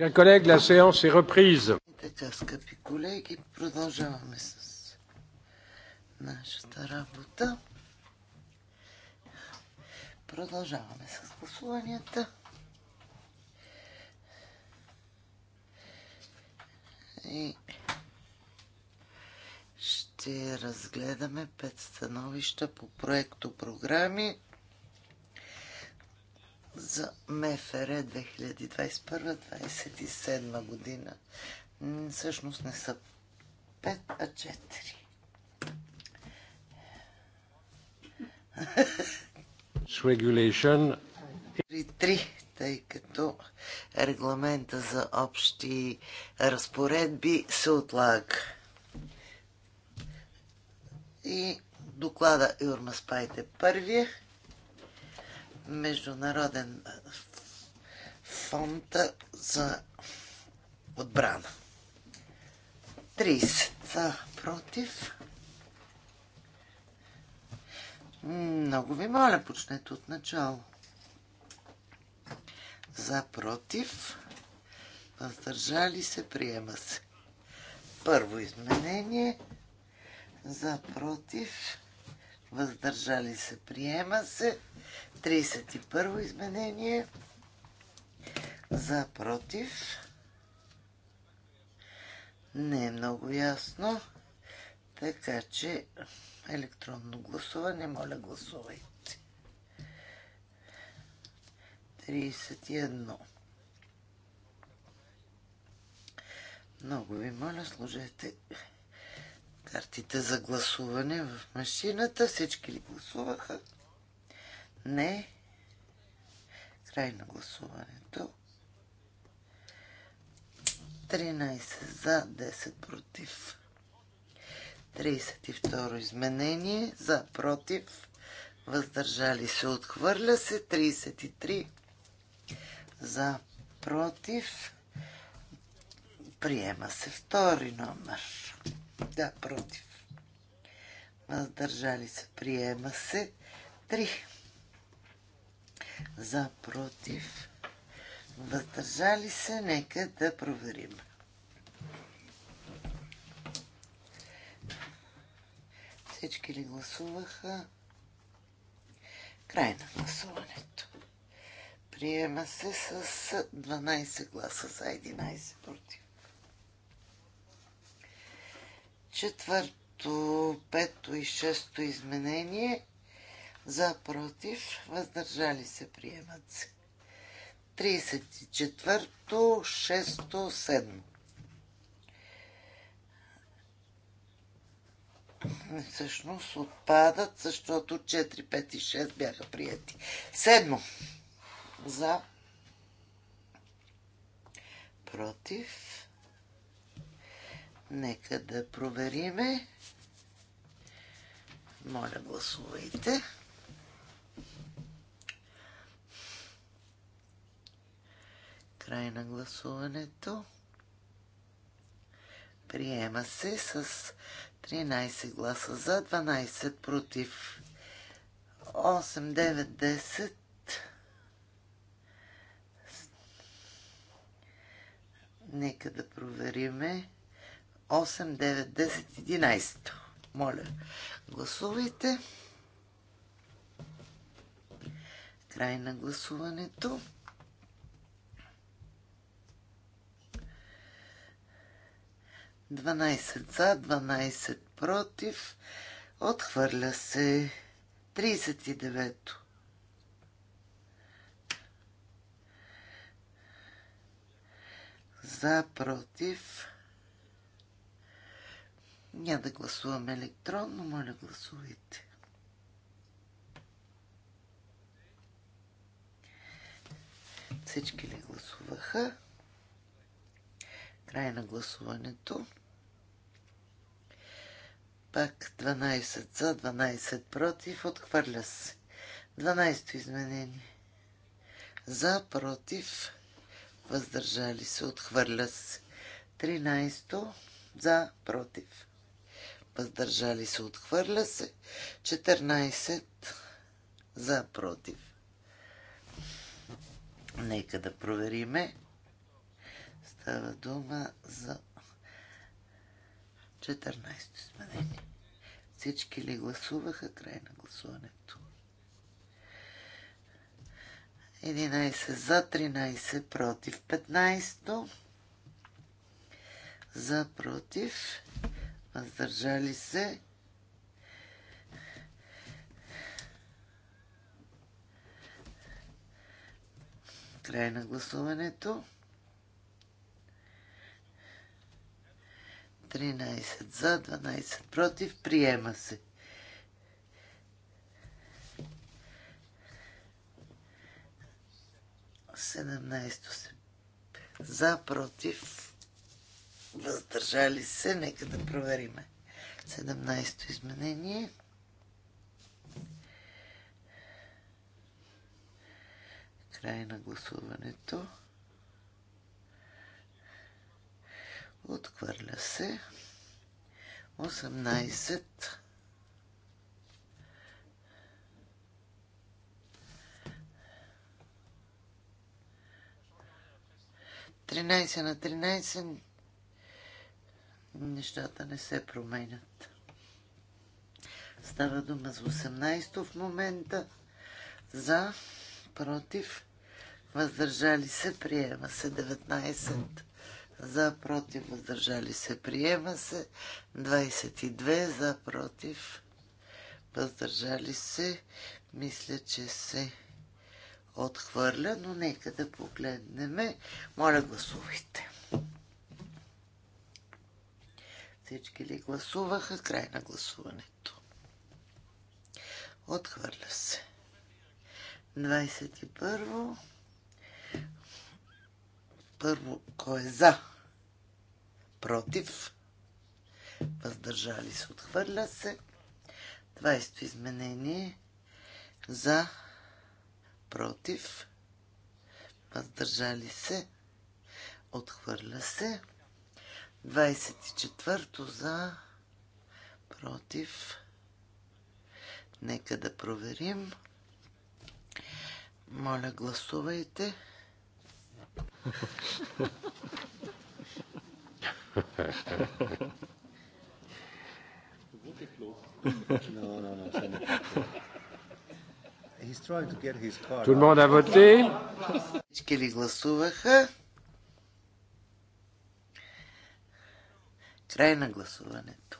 Chers collègues, la séance est reprise. скъпи колеги, продължаваме с нашата работа. Продължаваме с гласуванията. И ще разгледаме пет становища по проекто програми за МФР 2021-2027 година всъщност не са 5, а 4. Regulation. 3, тъй като регламента за общи разпоредби се отлага. И доклада Юрма Спайте първия. Международен фонд за отбрана. 30 за против. Много ви моля, почнете от начало. За против. Въздържали се, приема се. Първо изменение. За против. Въздържали се, приема се. 31 изменение за против. Не е много ясно, така че електронно гласуване, моля гласувайте. 31. Много ви моля, сложете картите за гласуване в машината. Всички ли гласуваха? Не. Край на гласуването. 13 за, 10 против. 32 изменение за, против. Въздържали се, отхвърля се. 33 за, против. Приема се втори номер. Да, против. Въздържали се, приема се. 3 за против, въздържали се, нека да проверим. Всички ли гласуваха? Край на гласуването. Приема се с 12 гласа за 11 против. Четвърто, пето и шесто изменение за против, въздържали се, приемат се. 34, 6, 7. Всъщност отпадат, защото 4, 5 и 6 бяха прияти. Седмо. За. Против. Нека да провериме. Моля, гласувайте. Край на гласуването. Приема се с 13 гласа за, 12 против. 8, 9, 10. Нека да провериме. 8, 9, 10, 11. Моля, гласувайте. Край на гласуването. 12 за, 12 против. Отхвърля се 39-то. За, против. Няма да гласуваме електронно, моля гласувайте. Всички ли гласуваха? Край на гласуването. Пак 12 за, 12 против. Отхвърля се. 12 изменение. За, против. Въздържали се. Отхвърля се. 13 за, против. Въздържали се. Отхвърля се. 14 за, против. Нека да провериме. Става дума за 14 изменение. Всички ли гласуваха край на гласуването? 11 за, 13 против, 15 то за, против, въздържали се. Край на гласуването. 13 за, 12 против. Приема се. Седемнайсто се. За, против. Въздържали се. Нека да провериме. 17 изменение. Край на гласуването. Отхвърля се. 18. 13 на 13 нещата не се променят. Става дума за 18 в момента. За, против, въздържали се, приема се 19 за против, въздържали се, приема се. 22 за против, въздържали се. Мисля, че се отхвърля, но нека да погледнем. Моля, гласувайте. Всички ли гласуваха? Край на гласуването. Отхвърля се. 21. Първо, кой е за? Против? Въздържали се, отхвърля се. 20 изменение за против въздържали се отхвърля се 24 за против нека да проверим моля гласувайте Tout le monde a voté. Всички ли гласуваха? Край на гласуването.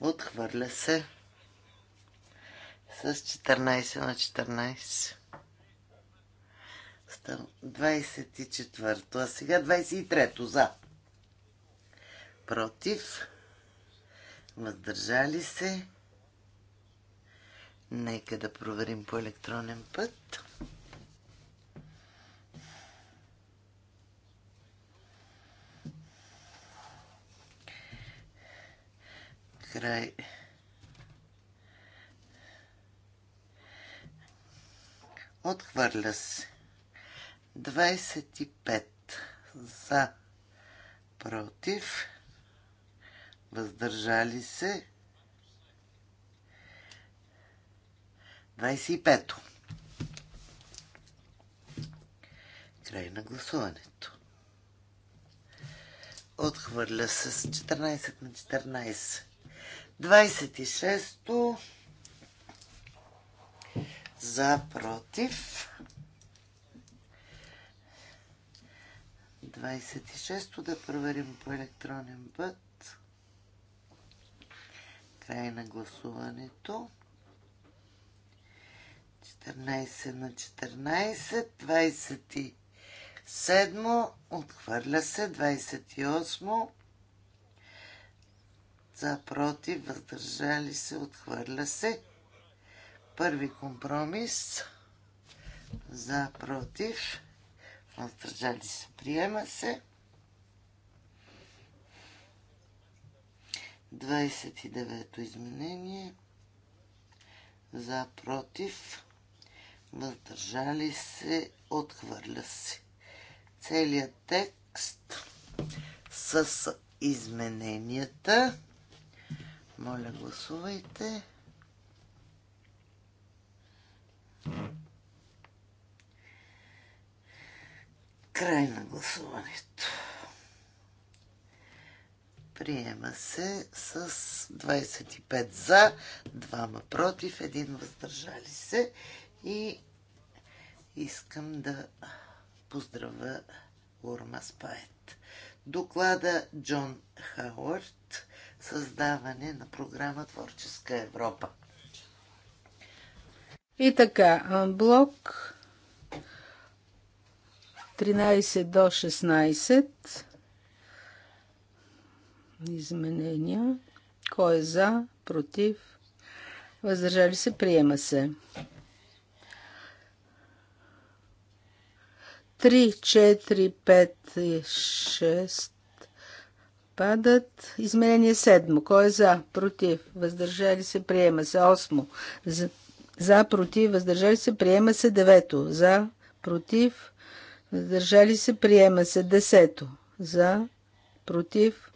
Отхвърля се с 14 на 14. 24-то, а сега 23-то за. Против. Въздържали се. Нека да проверим по електронен път. Край. Отхвърля се. 25 за, против, въздържали се. 25-то. Край на гласуването. Отхвърля се с 14 на 14. 26-то. За, против. Против 26 да проверим по електронен път. Край на гласуването. 14 на 14, 27, отхвърля се, 28, за, против, въздържали се, отхвърля се. Първи компромис, за, против, въздържали се, приема се. 29-то изменение за против въздържали се, отхвърля се. Целият текст с измененията. Моля, гласувайте. Thank Край на гласуването. Приема се с 25 за, 2 против, 1 въздържали се и искам да поздравя Урма Спает. Доклада Джон Хауърд Създаване на програма Творческа Европа. И така, блок 13 до 16 изменения. Кой е за, против, въздържали се, приема се. 3, 4, 5 и 6 падат. Изменение 7. Кой е за? Против. Въздържали се. Приема се. 8. За, за против. Въздържали се. Приема се. 9. За. Против. Въздържали се, приема се. Десето. За, против.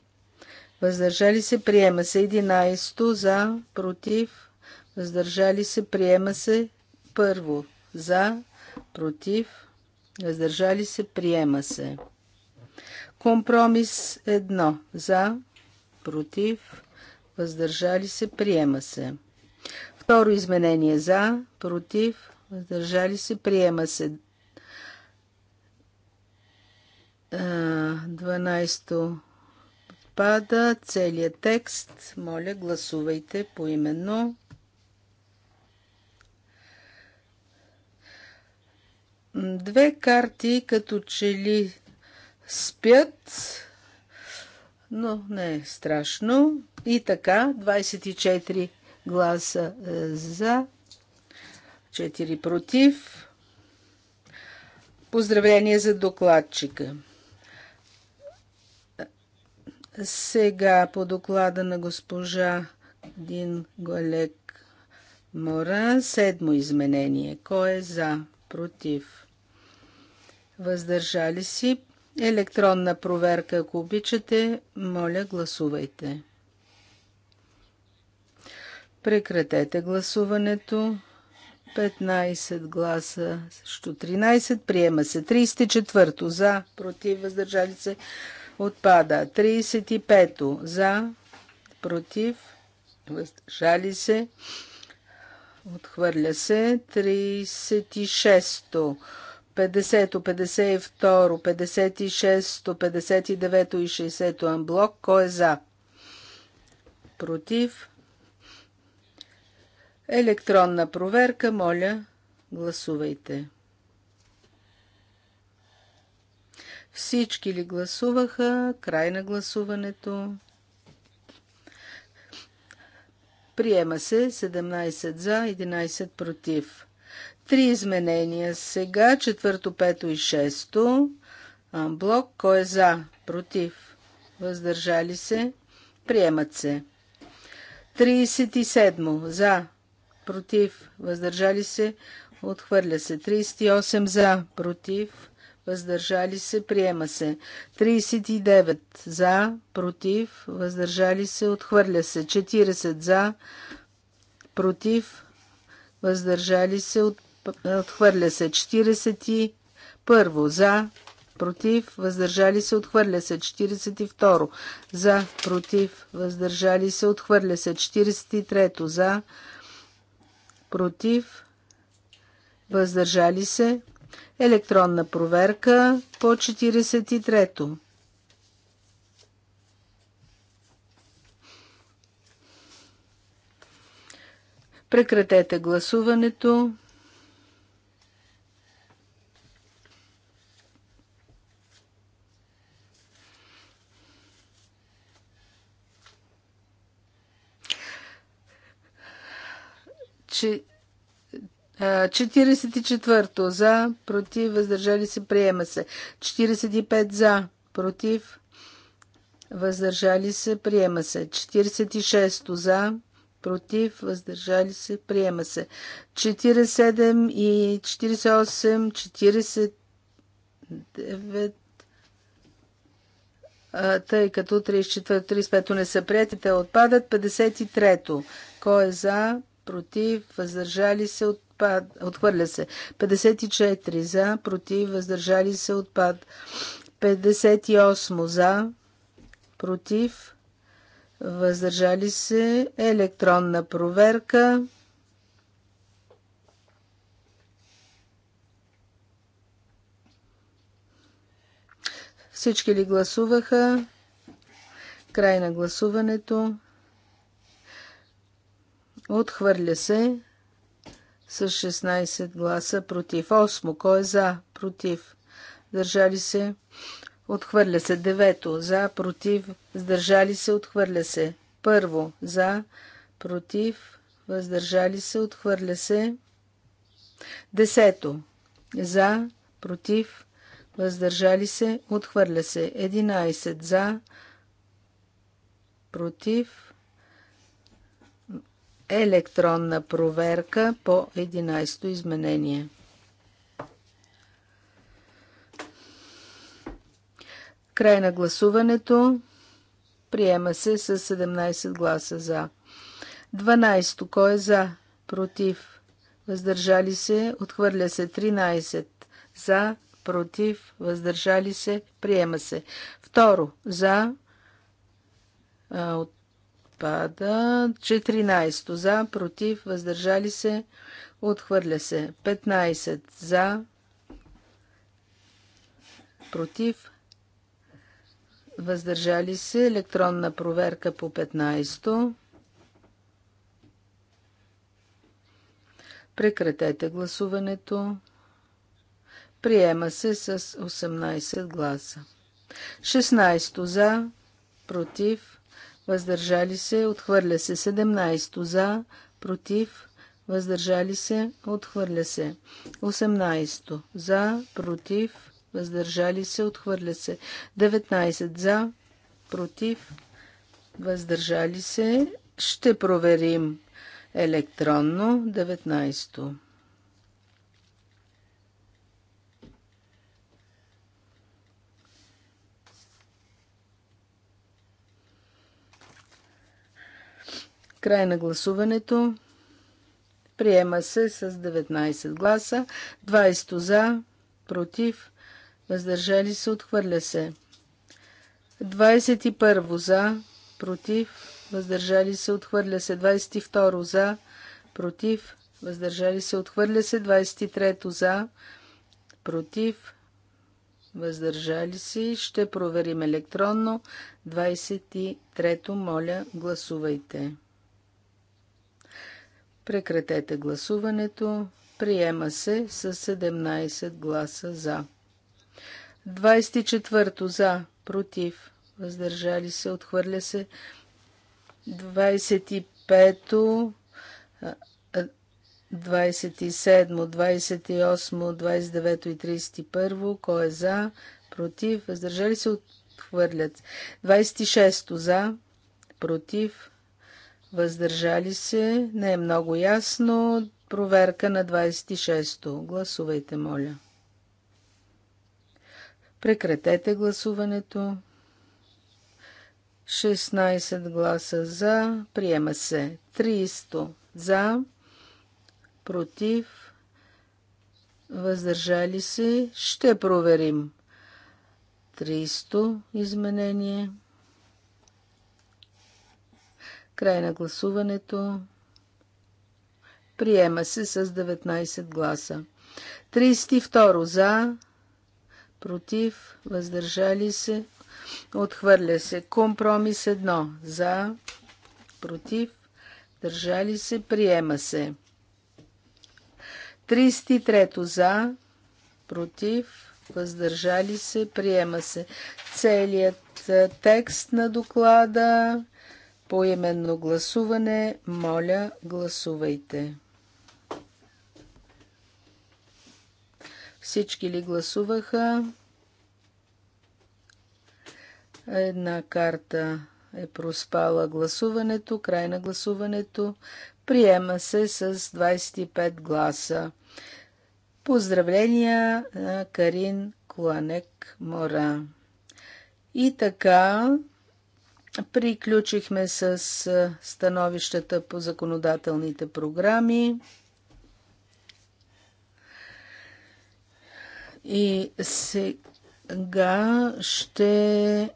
Въздържали се, приема се. Единайсто. За, против. Въздържали се, приема се. Първо. За, против. Въздържали се, приема се. Компромис едно. За, против. Въздържали се, приема се. Второ изменение за, против, въздържали се, приема се. 12 пада целият текст. Моля, гласувайте поименно. Две карти като че ли спят, но не е страшно. И така, 24 гласа е, за, 4 против. Поздравление за докладчика. Сега по доклада на госпожа Дин Голек Моран, седмо изменение. Кой е за? Против? Въздържали си? Електронна проверка, ако обичате, моля гласувайте. Прекратете гласуването. 15 гласа срещу 13. Приема се 34 за, против, въздържали се. Отпада. 35-то за, против, въздържали се. Отхвърля се. 36-то. 50-то, 52-то, 56-то, 59-то и 60-то анблок. Кой е за? Против. Електронна проверка, моля, гласувайте. Всички ли гласуваха? Край на гласуването. Приема се 17 за, 11 против. Три изменения сега, четвърто, пето и шесто. Блок, кой е за, против, въздържали се, приемат се. 37 за, против, въздържали се, отхвърля се. 38 за, против, въздържали се, приема се. 39 за, против, въздържали се, отхвърля се. 40 за, против, въздържали се, от, отхвърля се. 41 за, против, въздържали се, отхвърля се. 42 за, против, въздържали се, отхвърля се. 43 за, против, въздържали се, Електронна проверка по 43-то. Прекратете гласуването. че 44 за, против, въздържали се, приема се. 45 за, против, въздържали се, приема се. 46 за, против, въздържали се, приема се. 47 и 48, 49, тъй като 34-35 не са прияти, те отпадат. 53-то. Кой е за, против, въздържали се, от отпад, отхвърля се. 54 за, против, въздържали се, отпад. 58 за, против, въздържали се, електронна проверка. Всички ли гласуваха? Край на гласуването. Отхвърля се с 16 гласа против. 8. Кой е за? Против. Държали се? Отхвърля се. 9. За, против. Сдържали се? Отхвърля се. Първо. За, против. Въздържали се? Отхвърля се. Десето. За, против. Въздържали се? Отхвърля се. 11. За, против електронна проверка по 11-то изменение. Край на гласуването. Приема се с 17 гласа за. 12. Кой е за? Против. Въздържали се. Отхвърля се 13. За. Против. Въздържали се. Приема се. Второ. За. А, от отпада. 14 за, против, въздържали се, отхвърля се. 15 за, против, въздържали се, електронна проверка по 15. Прекратете гласуването. Приема се с 18 гласа. 16 за, против, въздържали се, отхвърля се. 17 за, против, въздържали се, отхвърля се. 18 за, против, въздържали се, отхвърля се. 19 за, против, въздържали се. Ще проверим електронно 19. Край на гласуването. Приема се с 19 гласа, 20 за, против, въздържали се, отхвърля се. 21 за, против, въздържали се, отхвърля се. 22 за, против, въздържали се, отхвърля се. 23 за, против, въздържали се. Ще проверим електронно. 23 моля, гласувайте. Прекратете гласуването. Приема се с 17 гласа за. 24 за, против, въздържали се, отхвърля се. 25 то 27, 28, 29 и 31. Кой е за? Против? Въздържали се? Отхвърлят. 26 за? Против? въздържали се, не е много ясно. Проверка на 26-то. Гласувайте, моля. Прекратете гласуването. 16 гласа за, приема се. 300 за, против, въздържали се. Ще проверим. 300 изменение. Край на гласуването. Приема се с 19 гласа. 32 за, против, въздържали се, отхвърля се. Компромис 1 за, против, държали се, приема се. 33 за, против, въздържали се, приема се. Целият текст на доклада Поименно гласуване, моля, гласувайте. Всички ли гласуваха? Една карта е проспала гласуването, край на гласуването. Приема се с 25 гласа. Поздравления на Карин Кланек Мора. И така, Приключихме с становищата по законодателните програми. И сега ще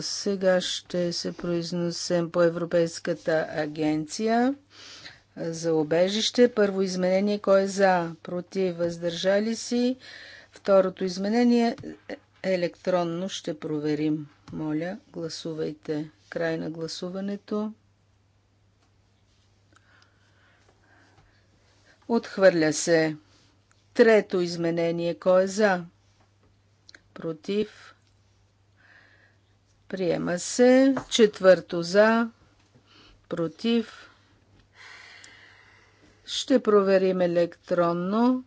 сега ще се произнесем по Европейската агенция за обежище. Първо изменение, кой е за, против, въздържали си. Второто изменение е електронно ще проверим. Моля, гласувайте. Край на гласуването. Отхвърля се. Трето изменение. Кой е за? Против. Приема се. Четвърто за. Против. Ще проверим електронно.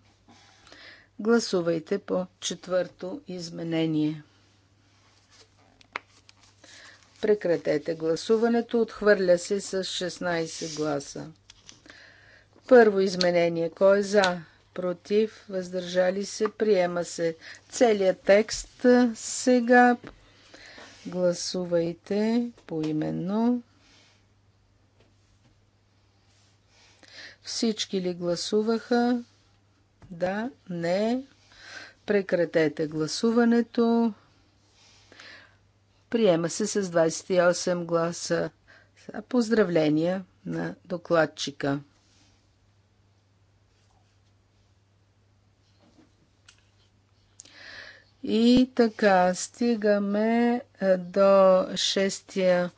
Гласувайте по четвърто изменение. Прекратете гласуването. Отхвърля се с 16 гласа. Първо изменение. Кой е за? Против? Въздържали се? Приема се. Целият текст сега. Гласувайте поименно. Всички ли гласуваха? Да, не. Прекратете гласуването. Приема се с 28 гласа. Поздравления на докладчика. И така, стигаме е, до шестия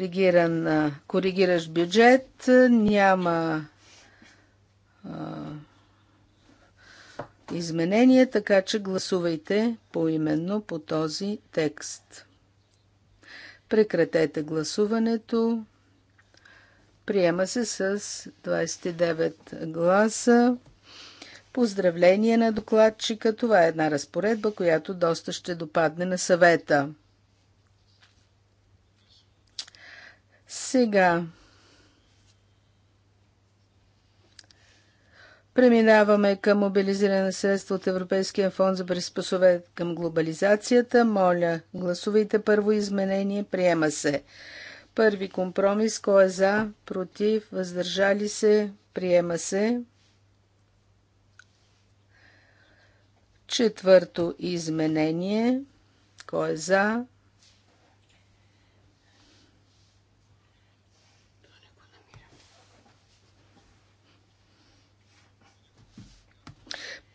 региран, е, коригиращ бюджет. Няма изменения, така че гласувайте поименно по този текст. Прекратете гласуването. Приема се с 29 гласа. Поздравление на докладчика. Това е една разпоредба, която доста ще допадне на съвета. Сега Преминаваме към мобилизиране на средства от Европейския фонд за приспособе към глобализацията. Моля, гласувайте първо изменение. Приема се. Първи компромис. Кой е за? Против? Въздържали се? Приема се. Четвърто изменение. Кой е за?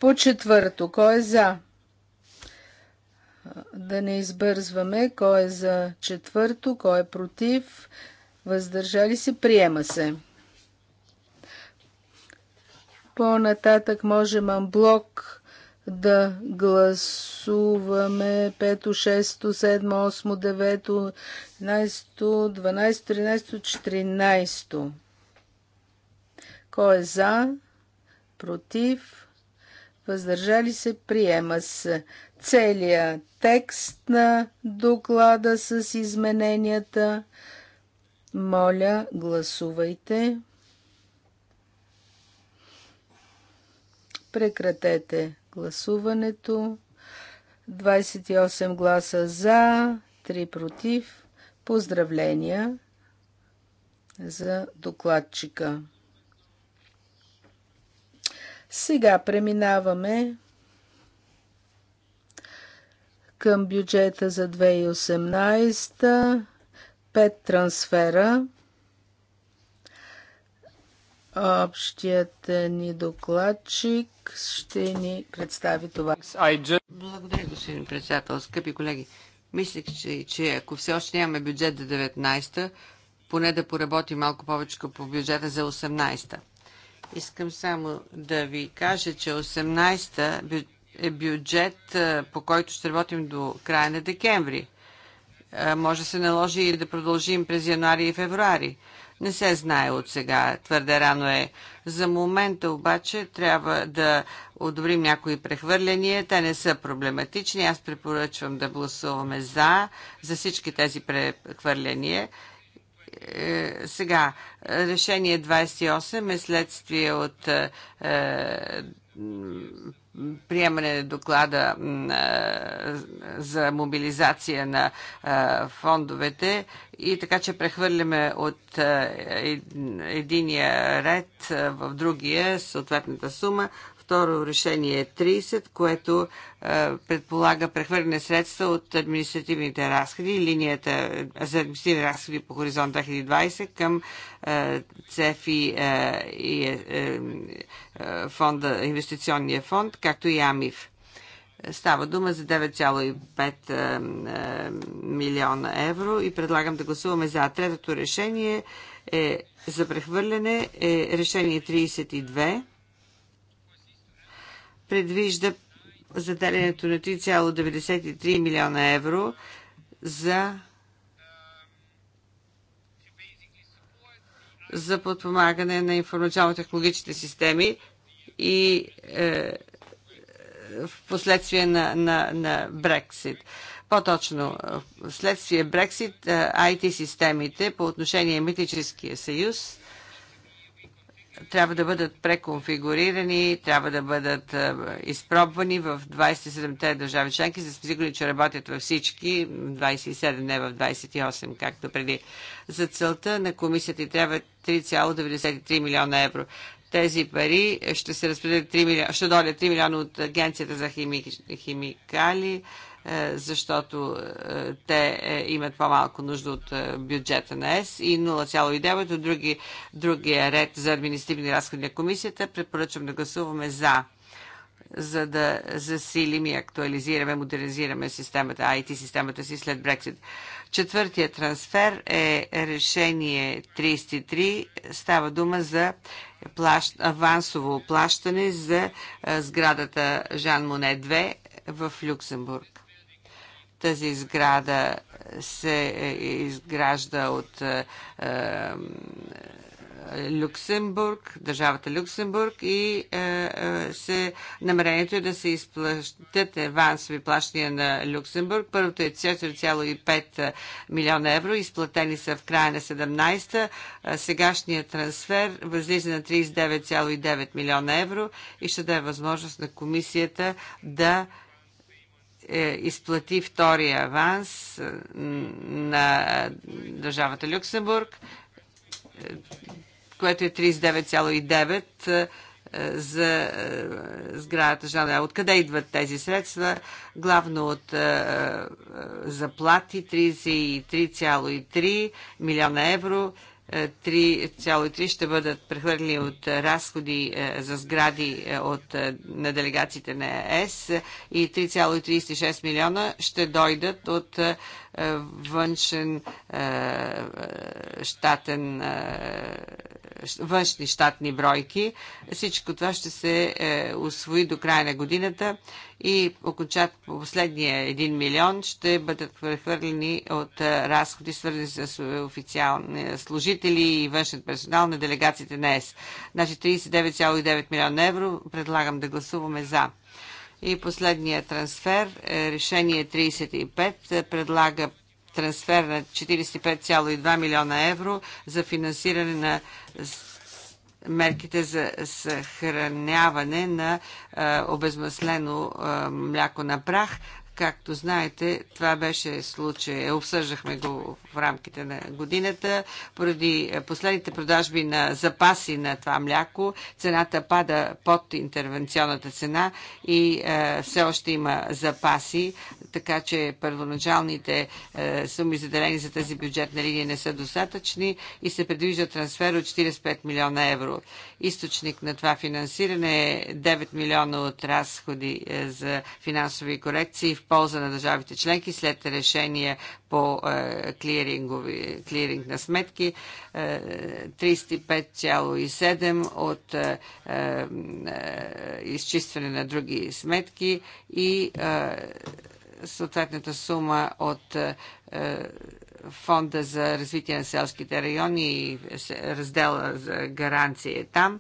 По четвърто, кой е за? Да не избързваме. Кой е за четвърто, кой е против? Въздържали се, приема се. По-нататък можем амблок да гласуваме 5, 6, 7, 8, 9, 11, 12, 13, 14. Кой е за? Против? въздържали се, приема с целия текст на доклада с измененията. Моля, гласувайте. Прекратете гласуването. 28 гласа за, 3 против. Поздравления за докладчика. Сега преминаваме към бюджета за 2018. Пет трансфера. Общият ни докладчик ще ни представи това. Благодаря, господин председател. Скъпи колеги, мислех, че, че ако все още нямаме бюджет за 19-та, поне да поработи малко повече по бюджета за 18-та. Искам само да ви кажа, че 18-та е бюджет, по който ще работим до края на декември. Може да се наложи и да продължим през януари и февруари. Не се знае от сега, твърде рано е. За момента обаче трябва да одобрим някои прехвърляния. Те не са проблематични. Аз препоръчвам да гласуваме за, за всички тези прехвърления. Е, сега решение 28 е следствие от е, приемане на доклада е, за мобилизация на фондовете и така, че прехвърляме от единия ред в другия съответната сума. Второ решение е 30, което е, предполага прехвърляне средства от административните разходи, линията е, за административни разходи по Хоризонт 2020 към е, ЦЕФ и, и фонда, инвестиционния фонд, както и АМИФ. Става дума за 9,5 милиона евро и предлагам да гласуваме за. Третото решение е за прехвърляне е решение 32 предвижда заделянето на 3,93 милиона евро за за подпомагане на информационно-технологичните системи и е, в последствие на, на, на Брексит. По-точно, вследствие Брексит, IT-системите е, по отношение Митническия съюз трябва да бъдат преконфигурирани, трябва да бъдат изпробвани в 27-те държави членки, за да сме сигурни, че работят във всички, 27, не в 28, както преди. За целта на комисията и трябва 3,93 милиона евро. Тези пари ще се разпределят 3 милиона, ще дойдат 3 милиона от Агенцията за хими, химикали, е, защото е, те е, имат по-малко нужда от бюджета на ЕС и 0,9 от други, другия ред за административни разходи на комисията. Препоръчвам да гласуваме за за да засилим и актуализираме, модернизираме системата, IT системата си след Брексит. Четвъртия трансфер е решение 33. Става дума за плащ, авансово плащане за сградата Жан Моне 2 в Люксембург. Тази сграда се е, изгражда от е, е, Люксембург, държавата Люксембург и е, е, се, намерението е да се изплащат авансови плащания на Люксембург. Първото е 4,5 милиона евро, изплатени са в края на 17-та. Сегашният трансфер възлиза на 39,9 милиона евро и ще даде възможност на комисията да е, е, изплати втория аванс е, на държавата Люксембург, е, което е 39,9 за сградата Жан Откъде идват тези средства? Главно от заплати 33,3 милиона евро 3,3 ще бъдат прехвърлени от разходи е, за сгради е, от, е, на делегациите на ЕС и 3,36 милиона ще дойдат от външен щатен външни щатни бройки. Всичко това ще се е, освои до края на годината и окончат последния 1 милион ще бъдат прехвърлени от е, разходи, свързани с е, официални е, служители и външен персонал на делегациите на ЕС. Значи 39,9 милиона евро предлагам да гласуваме за. И последния трансфер, решение 35, предлага трансфер на 45,2 милиона евро за финансиране на мерките за съхраняване на обезмаслено мляко на прах Както знаете, това беше случай. Е, обсъждахме го в рамките на годината. Поради е, последните продажби на запаси на това мляко, цената пада под интервенционната цена и е, все още има запаси, така че първоначалните е, суми заделени за тази бюджетна линия не са достатъчни и се предвижда трансфер от 45 милиона евро. Източник на това финансиране е 9 милиона от разходи е, за финансови корекции в полза на държавите членки след решение по е, клиринг на сметки 35,7 е, от е, изчистване на други сметки и съответната сума от фонда за развитие на селските райони и раздела за гаранция е там.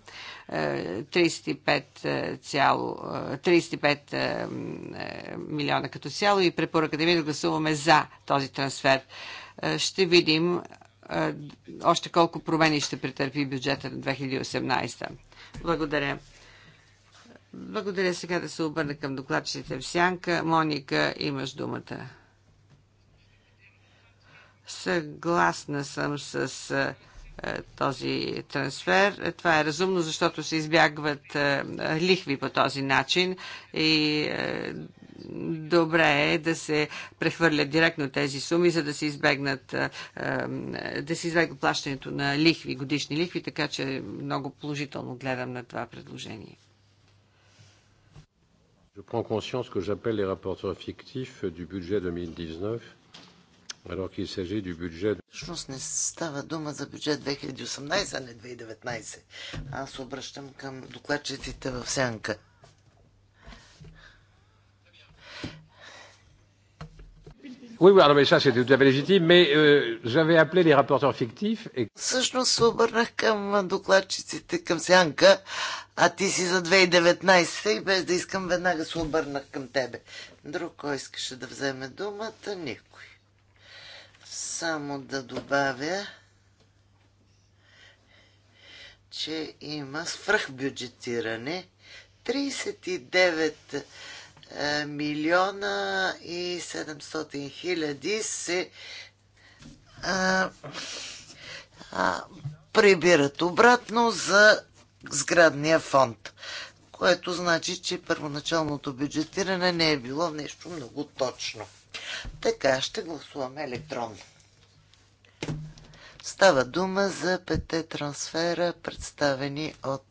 35, е, е, цяло, 35 милиона като цяло и препоръката ми да гласуваме за този трансфер. Ще видим още колко промени ще претърпи бюджета на 2018. Благодаря. Благодаря сега да се обърна към докладчите в Сянка. Моника, имаш думата. Съгласна съм с този трансфер. Това е разумно, защото се избягват лихви по този начин и добре е да се прехвърлят директно тези суми, за да се избегнат да се избегнат плащането на лихви, годишни лихви, така че много положително гледам на това предложение. Je prends conscience que j'appelle les rapporteurs fictifs du budget 2019 Всъщност не става дума за бюджет 2018, а не 2019. Аз обръщам към докладчиците в сянка. Oui, oui, non, mais ça c'était tout à fait légitime, mais euh, j'avais appelé les rapporteurs fictifs. Et... Всъщност се обърнах към докладчиците, към Сянка, а ти си за 2019 и без да искам веднага се обърнах към тебе. Друг кой искаше да вземе думата? Никой само да добавя, че има свръхбюджетиране. 39 е, милиона и 700 хиляди се а, е, а, прибират обратно за сградния фонд, което значи, че първоначалното бюджетиране не е било нещо много точно. Така, ще гласуваме електронно. Става дума за пете трансфера, представени от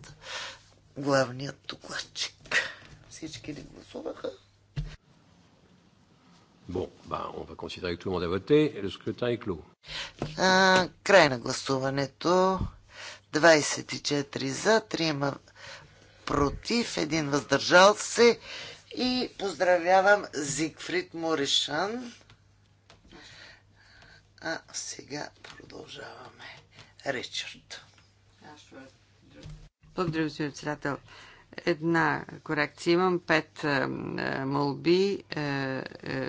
главният докладчик. Всички ли гласуваха? Bon, bah, on va considérer que tout le monde a voté. Le scrutin est clos. А, край на гласуването. 24 за, 3 против, 1 въздържал се. И поздравявам Зигфрид Морешан. А сега продължаваме. Ричард. Благодаря, господин председател. Една корекция имам, пет е, е, молби е,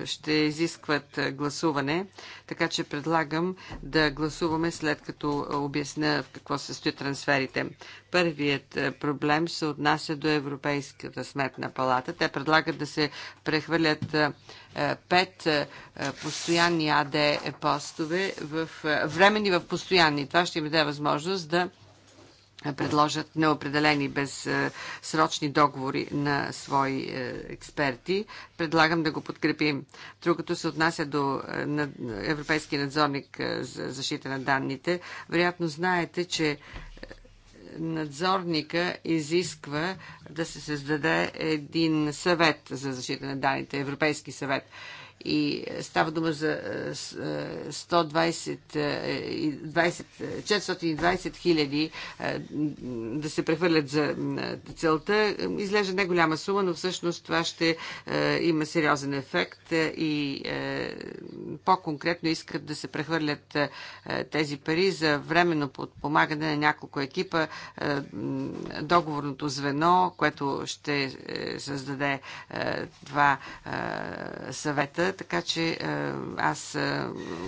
ще изискват гласуване, така че предлагам да гласуваме след като обясня в какво се стои трансферите. Първият проблем се отнася до Европейската сметна палата. Те предлагат да се прехвърлят пет постоянни АД постове в времени в постоянни. Това ще им даде възможност да е, предложат неопределени безсрочни договори на свои е, експерти. Предлагам да го подкрепим. Другото се отнася до е, Европейския надзорник за защита на данните. Вероятно знаете, че надзорника изисква да се създаде един съвет за защита на данните, Европейски съвет и е, става дума за 120, е, 420 е, хиляди да се прехвърлят за целта. Изглежда не голяма сума, но всъщност това ще има сериозен ефект и по-конкретно искат да се прехвърлят тези пари за временно подпомагане на няколко екипа. Договорното звено, което ще създаде това съвета доклада, така че е, аз е,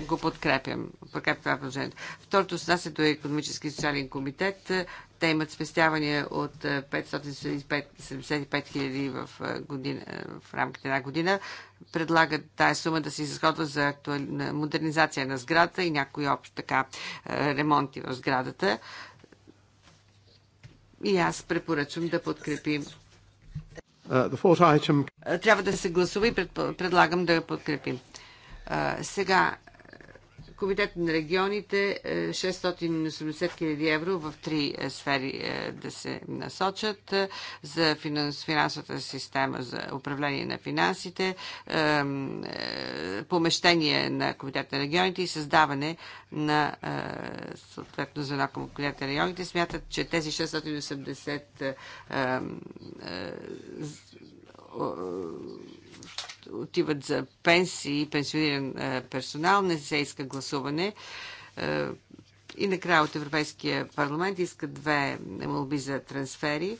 го подкрепям. Подкрепям това предложение. Второто с нас е до економически и социален комитет. Те имат спестявания от 575 е, хиляди в, в рамките на година. Предлагат тая сума да се изразходва за актуали... модернизация на сградата и някои общи така ремонти в сградата. И аз препоръчвам да подкрепим Uh, Трябва да се гласува и предлагам да я подкрепим. Uh, сега Комитет на регионите 680 е, хиляди евро в три е, сфери е, да се насочат за финансовата система за управление на финансите, помещение на Комитет на регионите и създаване на съответно звено към Комитет на регионите. Смятат, че тези 680 отиват за пенсии, пенсиониран е, персонал, не се иска гласуване. Е, и накрая от Европейския парламент искат две молби за трансфери.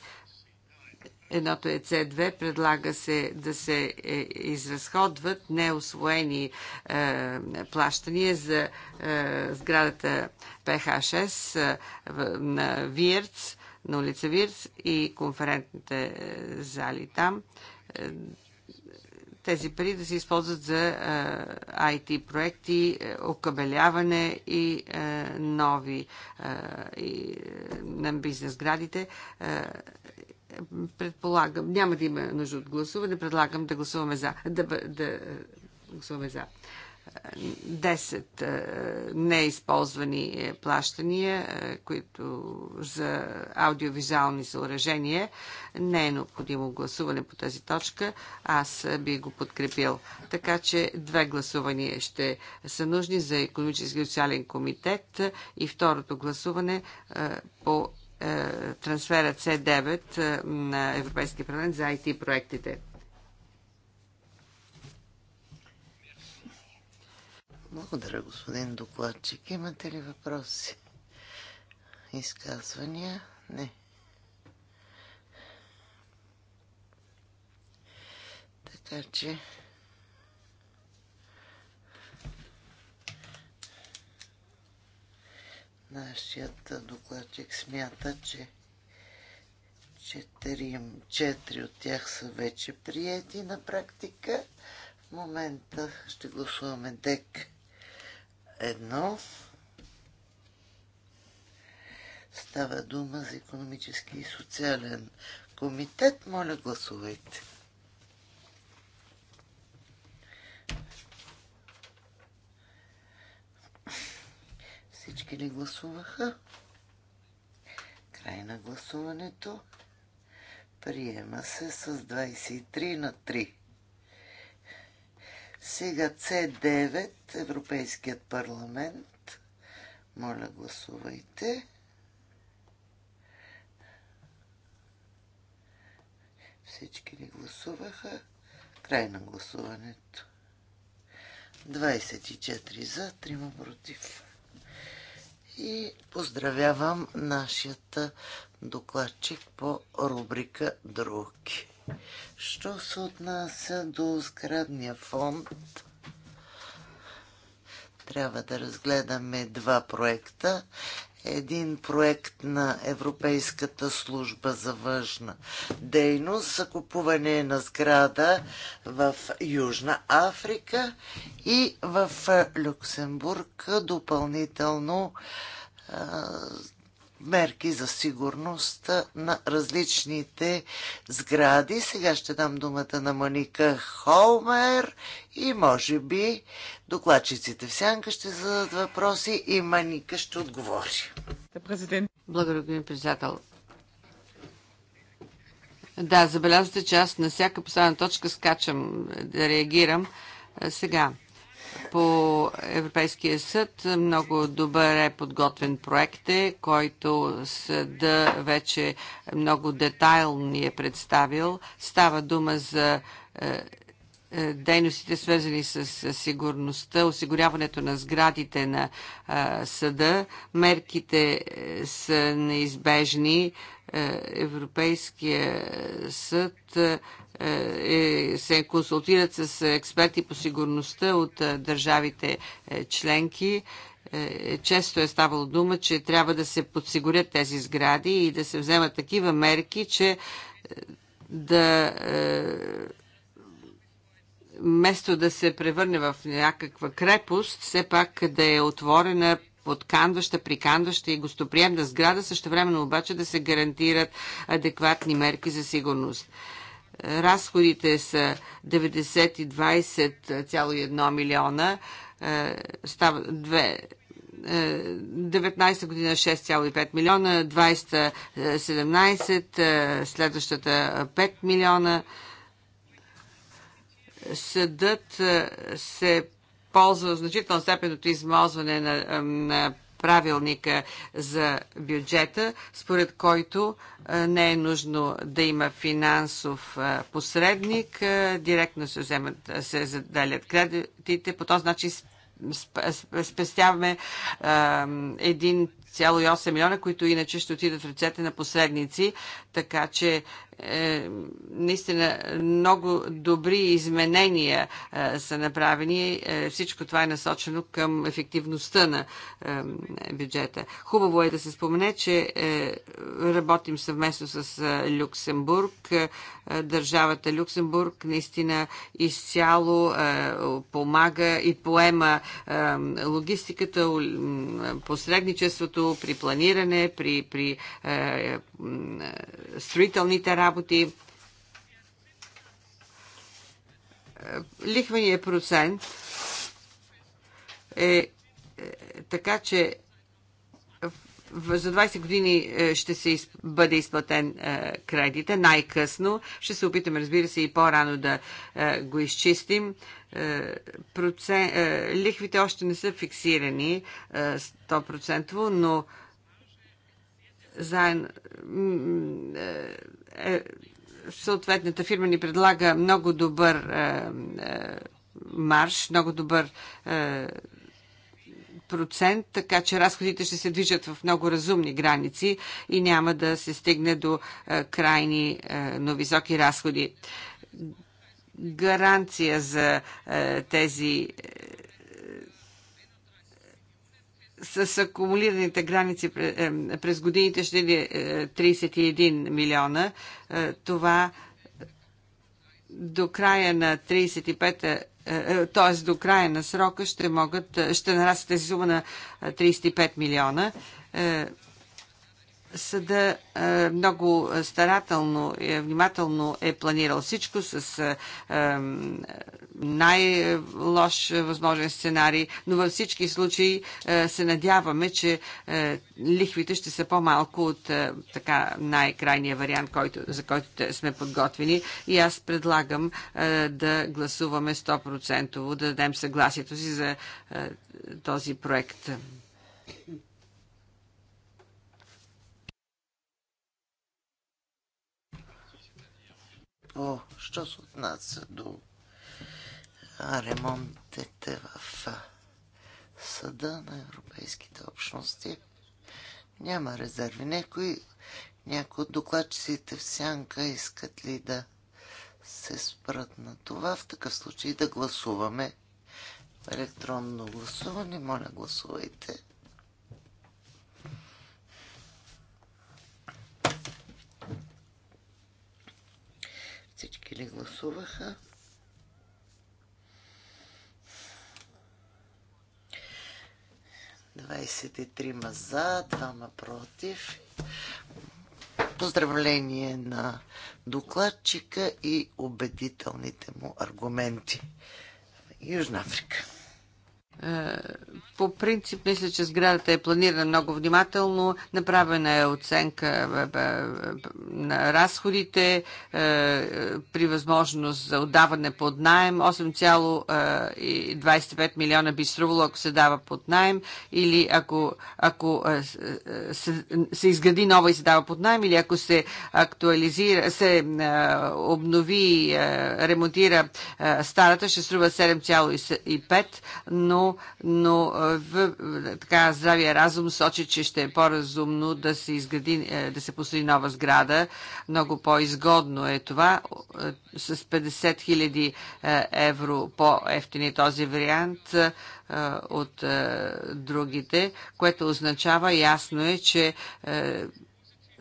Едното е C2, предлага се да се е, изразходват неосвоени е, плащания за е, сградата ПХ6 е, на Вирц, на улица Вирц и конферентните зали там тези пари да се използват за IT проекти, е, окабеляване и е, нови е, и, на бизнес градите предполагам, няма да има нужда от гласуване, предлагам да гласуваме за. Да, да гласуваме за. 10 е, неизползвани е, плащания, е, които за аудиовизуални съоръжения не е необходимо гласуване по тази точка. Аз би го подкрепил. Така че две гласувания ще са нужни за економически и социален комитет и второто гласуване по трансфера C9 на Европейския парламент за IT проектите. Благодаря, господин докладчик. Имате ли въпроси? Изказвания? Не. Така че... Нашият докладчик смята, че четири, от тях са вече приети на практика. В момента ще гласуваме ДЕК Едно. Става дума за економически и социален комитет. Моля, гласувайте. Всички ли гласуваха? Край на гласуването. Приема се с 23 на 3. Сега C9, Европейският парламент. Моля, гласувайте. Всички ни гласуваха. Край на гласуването. 24 за, 3 против. И поздравявам нашата докладчик по рубрика Други. Що се отнася до сградния фонд, трябва да разгледаме два проекта. Един проект на Европейската служба за външна дейност за купуване на сграда в Южна Африка и в Люксембург допълнително мерки за сигурност на различните сгради. Сега ще дам думата на Моника Холмер и може би докладчиците в сянка ще зададат въпроси и Маника ще отговори. Благодаря, господин председател. Да, забелязвате, че аз на всяка последна точка скачам да реагирам. Сега, по Европейския съд. Много добър е подготвен проект, е, който съда вече много детайл ни е представил. Става дума за е, е, дейностите, свързани с сигурността, осигуряването на сградите на е, съда. Мерките са неизбежни. Европейския съд е, е, се консултират с експерти по сигурността от е, държавите членки. Често е ставало дума, че трябва да се подсигурят тези сгради и да се вземат такива мерки, че да место да се превърне в някаква крепост, все пак да е отворена подканваща, приканваща и гостоприемна сграда, също времено обаче да се гарантират адекватни мерки за сигурност. Разходите са 90,20,1 милиона. Е, става 19 е, година 6,5 милиона, 20 17, е, следващата 5 милиона. Съдът се ползва значително степен от измозване на, на правилника за бюджета, според който не е нужно да има финансов посредник, директно се, вземат, се заделят кредитите, по този начин спестяваме 1,8 милиона, които иначе ще отидат в ръцете на посредници, така че е, наистина много добри изменения е, са направени. Е, всичко това е насочено към ефективността на бюджета. Хубаво е да се спомене, че работим съвместно с Люксембург. държавата Люксембург наистина изцяло помага и поема логистиката, посредничеството при планиране, при, при строителните работи. Е, Лихвения процент е, е така, че за 20 години е, ще се бъде изплатен кредита, най-късно. Ще се опитаме, разбира се, и по-рано да го изчистим. Лихвите още не са фиксирани 100%, но заедно е, съответната фирма ни предлага много добър е, е, марш, много добър е, процент, така че разходите ще се движат в много разумни граници и няма да се стигне до е, крайни, е, но високи разходи. Гаранция за е, тези е, с акумулираните граници е, през годините ще е 31 е, милиона. Е, това до края на 35-та т.е. до края на срока ще могат, ще нарасне сума на 35 милиона. Съда е, много старателно, и внимателно е планирал всичко с е, е, най-лош възможен сценарий, но във всички случаи се надяваме, че лихвите ще са по-малко от така най-крайния вариант, който, за който сме подготвени. И аз предлагам да гласуваме 100%, да дадем съгласието си за този проект. по, що се отнася до ремонтите в съда на европейските общности. Няма резерви. Някои, някои от докладчиците в сянка искат ли да се спрат на това. В такъв случай да гласуваме електронно гласуване. Моля, гласувайте. Всички ли гласуваха? Двадесет и трима за, двама против. Поздравление на докладчика и убедителните му аргументи. Южна Африка. Е, по принцип, мисля, че сградата е планирана много внимателно. Направена е оценка е, е, на разходите при възможност за отдаване под найем. 8,25 милиона би струвало, ако се дава под найем или ако, ако се, се изгради нова и се дава под найем или ако се актуализира, се обнови, ремонтира старата, ще струва 7,5, но но в, така здравия разум сочи, че ще е по-разумно да се изгради, е, да се построи нова сграда. Много по-изгодно е това. Е, с 50 000 е, евро по е този вариант от другите, което означава ясно е, че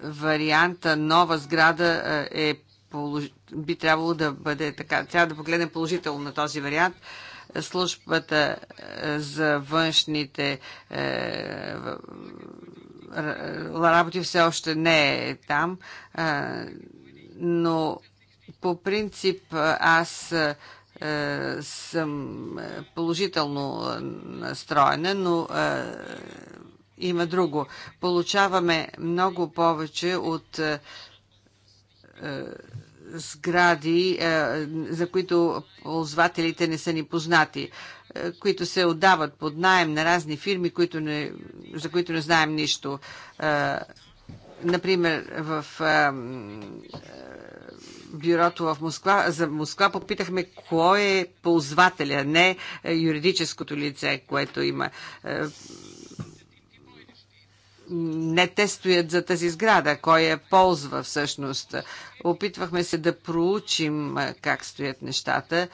варианта нова сграда е би трябвало да бъде така. Трябва да погледнем положително на този вариант службата е, за външните е, работи все още не е там, е, но по принцип аз съм положително настроена, но има друго. Получаваме много повече от сгради, е, за които ползвателите не са ни познати, е, които се отдават под найем на разни фирми, които не, за които не знаем нищо. Е, например, в бюрото в Москва, за Москва попитахме кой е ползвателя, не юридическото лице, което има не те стоят за тази сграда, кой я ползва всъщност. Опитвахме се да проучим как стоят нещата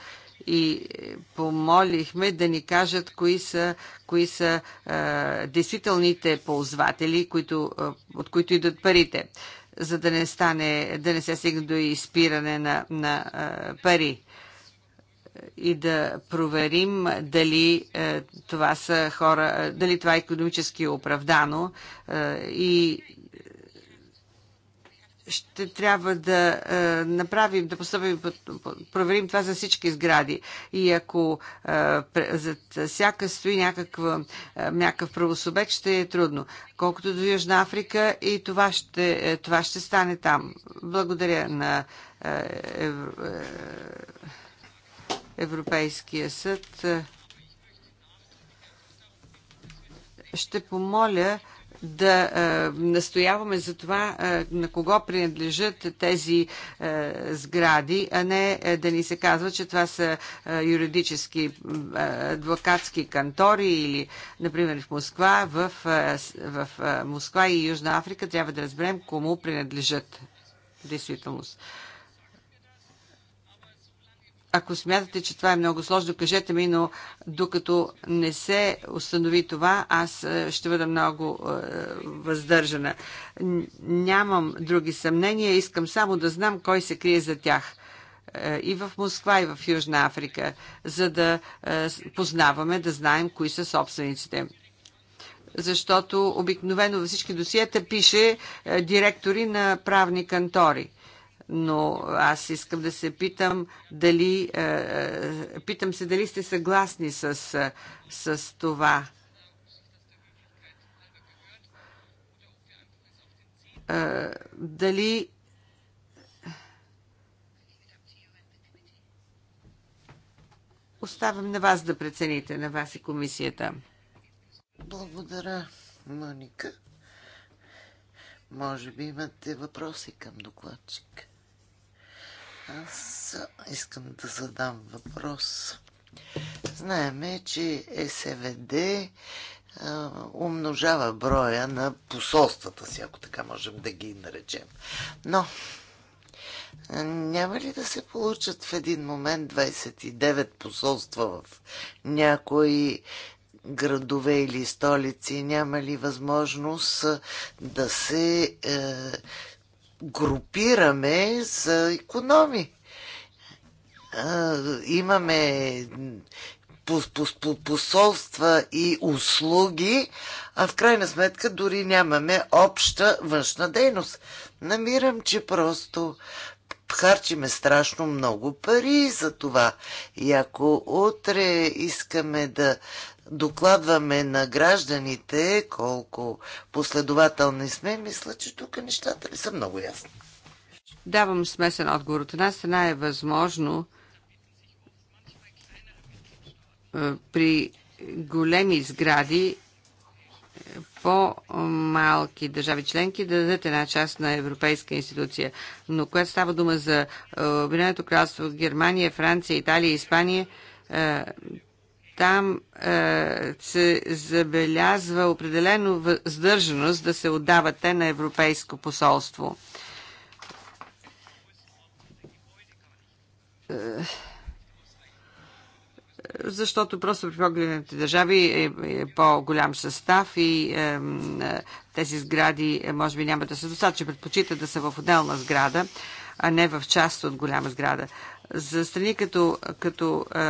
и е, помолихме да ни кажат кои са, кои са е, действителните ползватели, които, е, от които идват парите, за да не, стане, да не се стигне до изпиране на, на е, пари и да проверим дали е, това са хора, е, дали това е економически оправдано е, и ще трябва да е, направим, да поставим, проверим това за всички сгради. И ако е, зад всяка стои някаква, е, някакъв правособек, ще е трудно. Колкото до Южна Африка, и това ще, е, това ще стане там. Благодаря на е, е, Европейския съд. Ще помоля да е, настояваме за това е, на кого принадлежат тези е, сгради, а не да ни се казва, че това са юридически адвокатски кантори или, например, в Москва, в, в Москва и Южна Африка трябва да разберем кому принадлежат действителност ако смятате, че това е много сложно, кажете ми, но докато не се установи това, аз е, ще бъда много е, въздържана. Нямам други съмнения, искам само да знам кой се крие за тях. Е, и в Москва, и в Южна Африка, за да познаваме, да знаем кои са собствениците защото обикновено във всички досиета пише директори на правни кантори но аз искам да се питам дали, е, е, питам се дали сте съгласни с, е, с това. Дали Оставям на вас да прецените, на вас и комисията. Благодаря, Моника. Може би имате въпроси към докладчика. Аз искам да задам въпрос. Знаеме, че СВД умножава броя на посолствата си, ако така можем да ги наречем. Но няма ли да се получат в един момент 29 посолства в някои градове или столици? Няма ли възможност да се е, групираме за економи. Имаме посолства и услуги, а в крайна сметка дори нямаме обща външна дейност. Намирам, че просто харчиме страшно много пари за това. И ако утре искаме да докладваме на гражданите колко последователни сме, мисля, че тук нещата ли са много ясни. Давам смесен отговор. От една страна е възможно е, при големи сгради е, по-малки държави членки да дадат една част на европейска институция. Но когато става дума за е, Обединеното кралство, Германия, Франция, Италия, Испания, там е, се забелязва определено въздържаност да се отдавате на Европейско посолство. Е, защото просто при погледните държави е, е по-голям състав и е, тези сгради е, може би няма да са достатъчно. предпочита да са в отделна сграда, а не в част от голяма сграда. Е, за страни като, като е,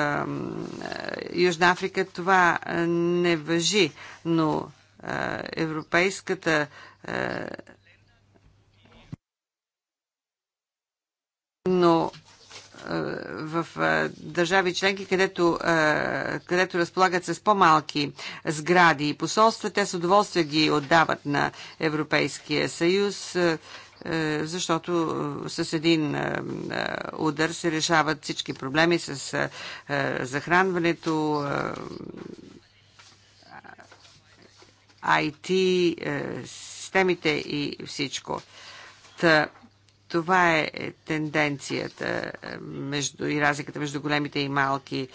Южна Африка това не въжи, но е, европейската е, но в държави членки, където, където разполагат с по-малки сгради и посолства, те с удоволствие ги отдават на Европейския съюз. Е, защото е, с един е, удар се решават всички проблеми с захранването, IT, системите и всичко. това е тенденцията между, и разликата между големите и малки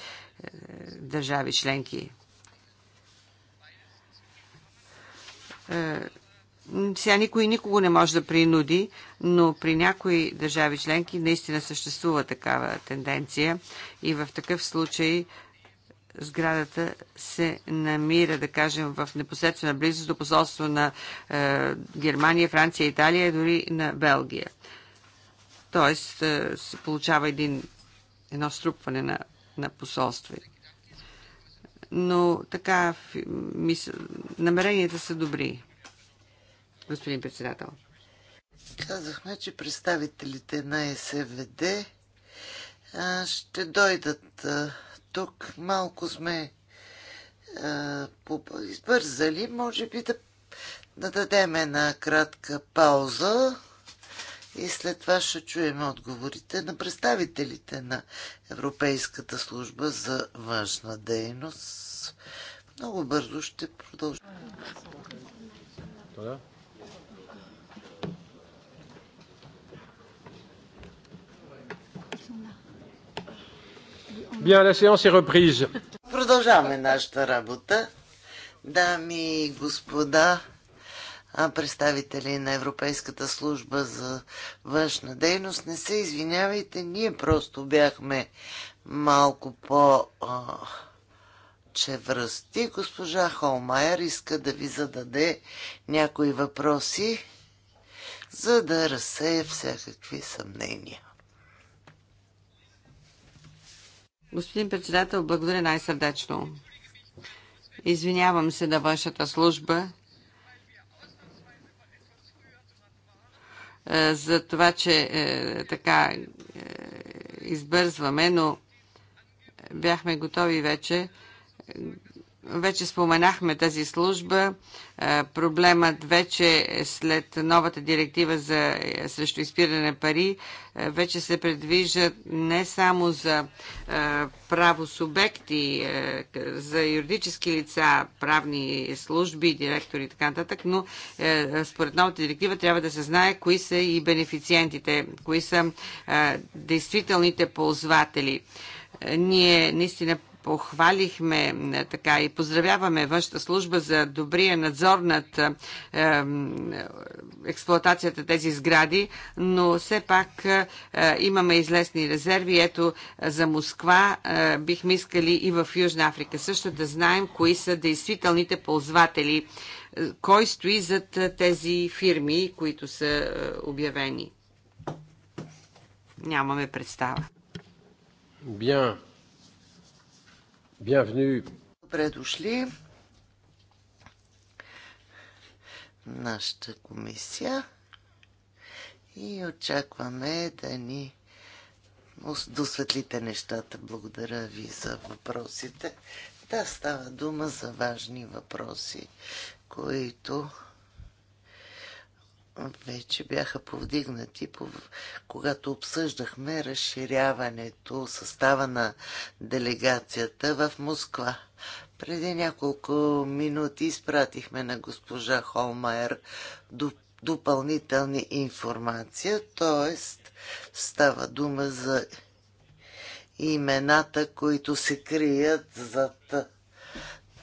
държави членки сега никой никого не може да принуди, но при някои държави членки наистина съществува такава тенденция и в такъв случай сградата се намира, да кажем, в непосредствена близост до посолство на е, Германия, Франция, Италия, дори на Белгия. Тоест е, се получава един, едно струпване на, на посолство. Но така, мис... намеренията са добри господин председател. Казахме, че представителите на СВД ще дойдат тук. Малко сме избързали. Може би да, да дадем една кратка пауза и след това ще чуем отговорите на представителите на Европейската служба за външна дейност. Много бързо ще продължим. Да. Bien, la séance est reprise. Продължаваме нашата работа. Дами и господа, представители на Европейската служба за външна дейност, не се извинявайте, ние просто бяхме малко по чевръсти. Госпожа Холмайер иска да ви зададе някои въпроси, за да разсея всякакви съмнения. Господин председател, благодаря най-сърдечно. Извинявам се на вашата служба е, за това, че е, така е, избързваме, но бяхме готови вече. Вече споменахме тази служба. Е, проблемът вече е след новата директива за е, срещу изпиране пари вече се предвижда не само за правосубекти, за юридически лица, правни служби, директори и така нататък, но според новата директива трябва да се знае кои са и бенефициентите, кои са действителните ползватели ние наистина похвалихме е, така и поздравяваме външната служба за добрия надзор над е, е, експлуатацията тези сгради, но все пак имаме излесни резерви. Ето за Москва бихме искали и в Южна Африка също да знаем кои са действителните ползватели, кой стои зад тези фирми, които са обявени. Нямаме представа. Bien. Bienvenue. Добре дошли. Нашата комисия. И очакваме да ни досветлите нещата. Благодаря ви за въпросите. Да, става дума за важни въпроси, които вече бяха повдигнати, когато обсъждахме разширяването състава на делегацията в Москва. Преди няколко минути изпратихме на госпожа Холмайер допълнителни информация, т.е. става дума за имената, които се крият зад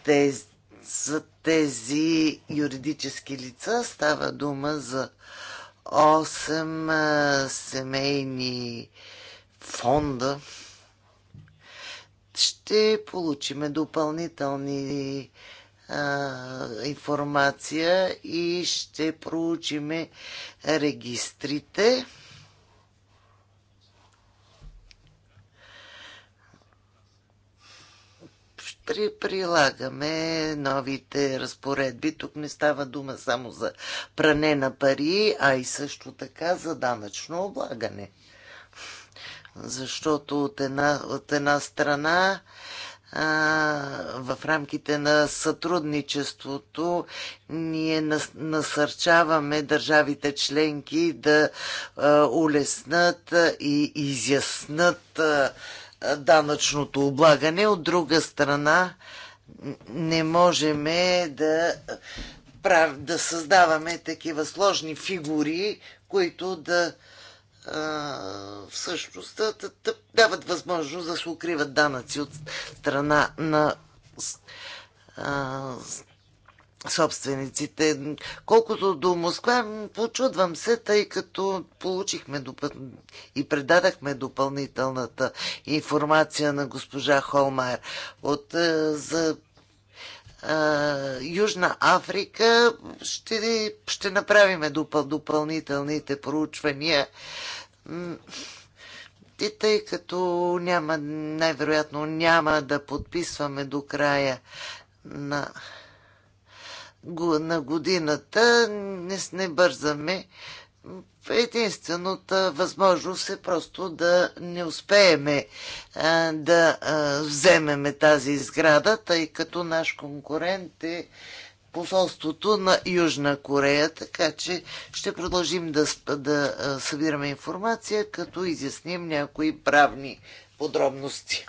тези за тези юридически лица става дума за 8 семейни фонда. Ще получиме допълнителни информация и ще проучиме регистрите. при прилагаме новите разпоредби. Тук не става дума само за пране на пари, а и също така за данъчно облагане. Защото от една, от една страна а, в рамките на сътрудничеството ние насърчаваме държавите членки да а, улеснат и изяснат а, данъчното облагане, от друга страна не можем да, прав, да създаваме такива сложни фигури, които да а, всъщност да, да, да дават възможност да се укриват данъци от страна на а, собствениците. Колкото до Москва, почудвам се, тъй като получихме допъл... и предадахме допълнителната информация на госпожа Холмайер от е, за е, Южна Африка ще, ще направим допъл, допълнителните проучвания. И тъй като няма, най-вероятно няма да подписваме до края на на годината не, не бързаме. Единствената възможност е просто да не успееме а, да а, вземеме тази сграда, тъй като наш конкурент е посолството на Южна Корея, така че ще продължим да, да събираме информация, като изясним някои правни подробности.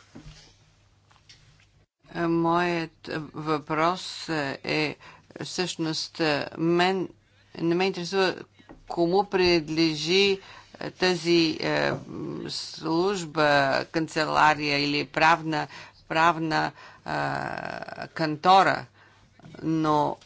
Моят въпрос е Всъщност, е, мен не ме интересува кому принадлежи е, тази е, служба, канцелария или правна, правна е, кантора, но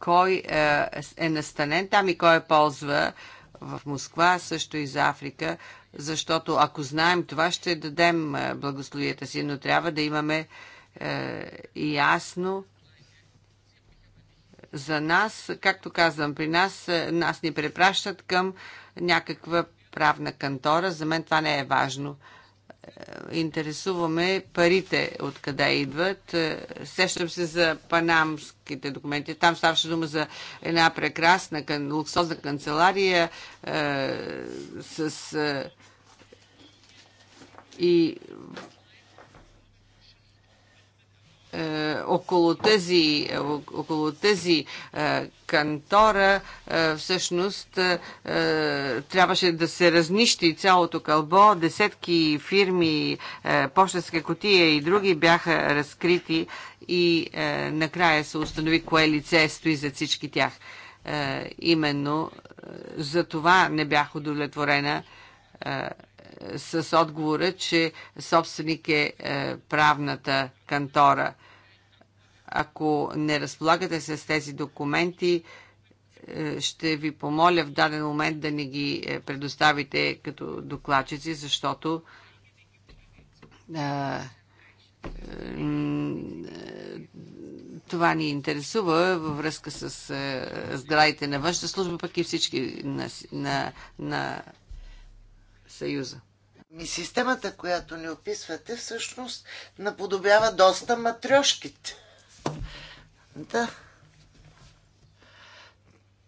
кой е, е настанен там и кой е ползва в Москва, също и за Африка, защото ако знаем това, ще дадем е, благословията си, но трябва да имаме е, ясно за нас, както казвам, при нас, е, нас ни препращат към някаква правна кантора. За мен това не е важно. Е, интересуваме парите, откъде идват. Е, сещам се за панамските документи. Там ставаше дума за една прекрасна луксозна канцелария е, с. Е, и е, около тази, е, около тази е, кантора всъщност трябваше да се разнищи цялото кълбо. Десетки фирми, почтенска котия и други бяха разкрити и накрая се установи кое лице стои за всички тях. Именно за това не бях удовлетворена с отговора, че собственик е, е правната кантора. Ако не разполагате с тези документи, е, ще ви помоля в даден момент да не ги е, предоставите като докладчици, защото това ни интересува във връзка с сградите на външна служба, пък и всички на, на, на Съюза. системата, която ни описвате, всъщност наподобява доста матрешките. Да.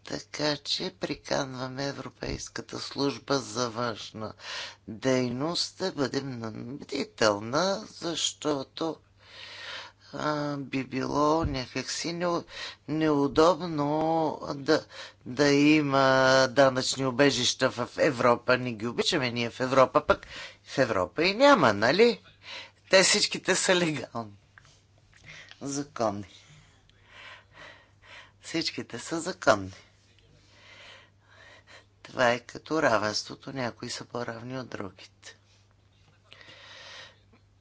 Така че приканваме Европейската служба за външна дейност да бъдем бдителна, защото а, би било някакси не, неудобно да, да има данъчни убежища в Европа. Не ги обичаме ние в Европа, пък в Европа и няма, нали? Те всичките са легални. Законни. Всичките са законни. Това е като равенството. Някои са по-равни от другите.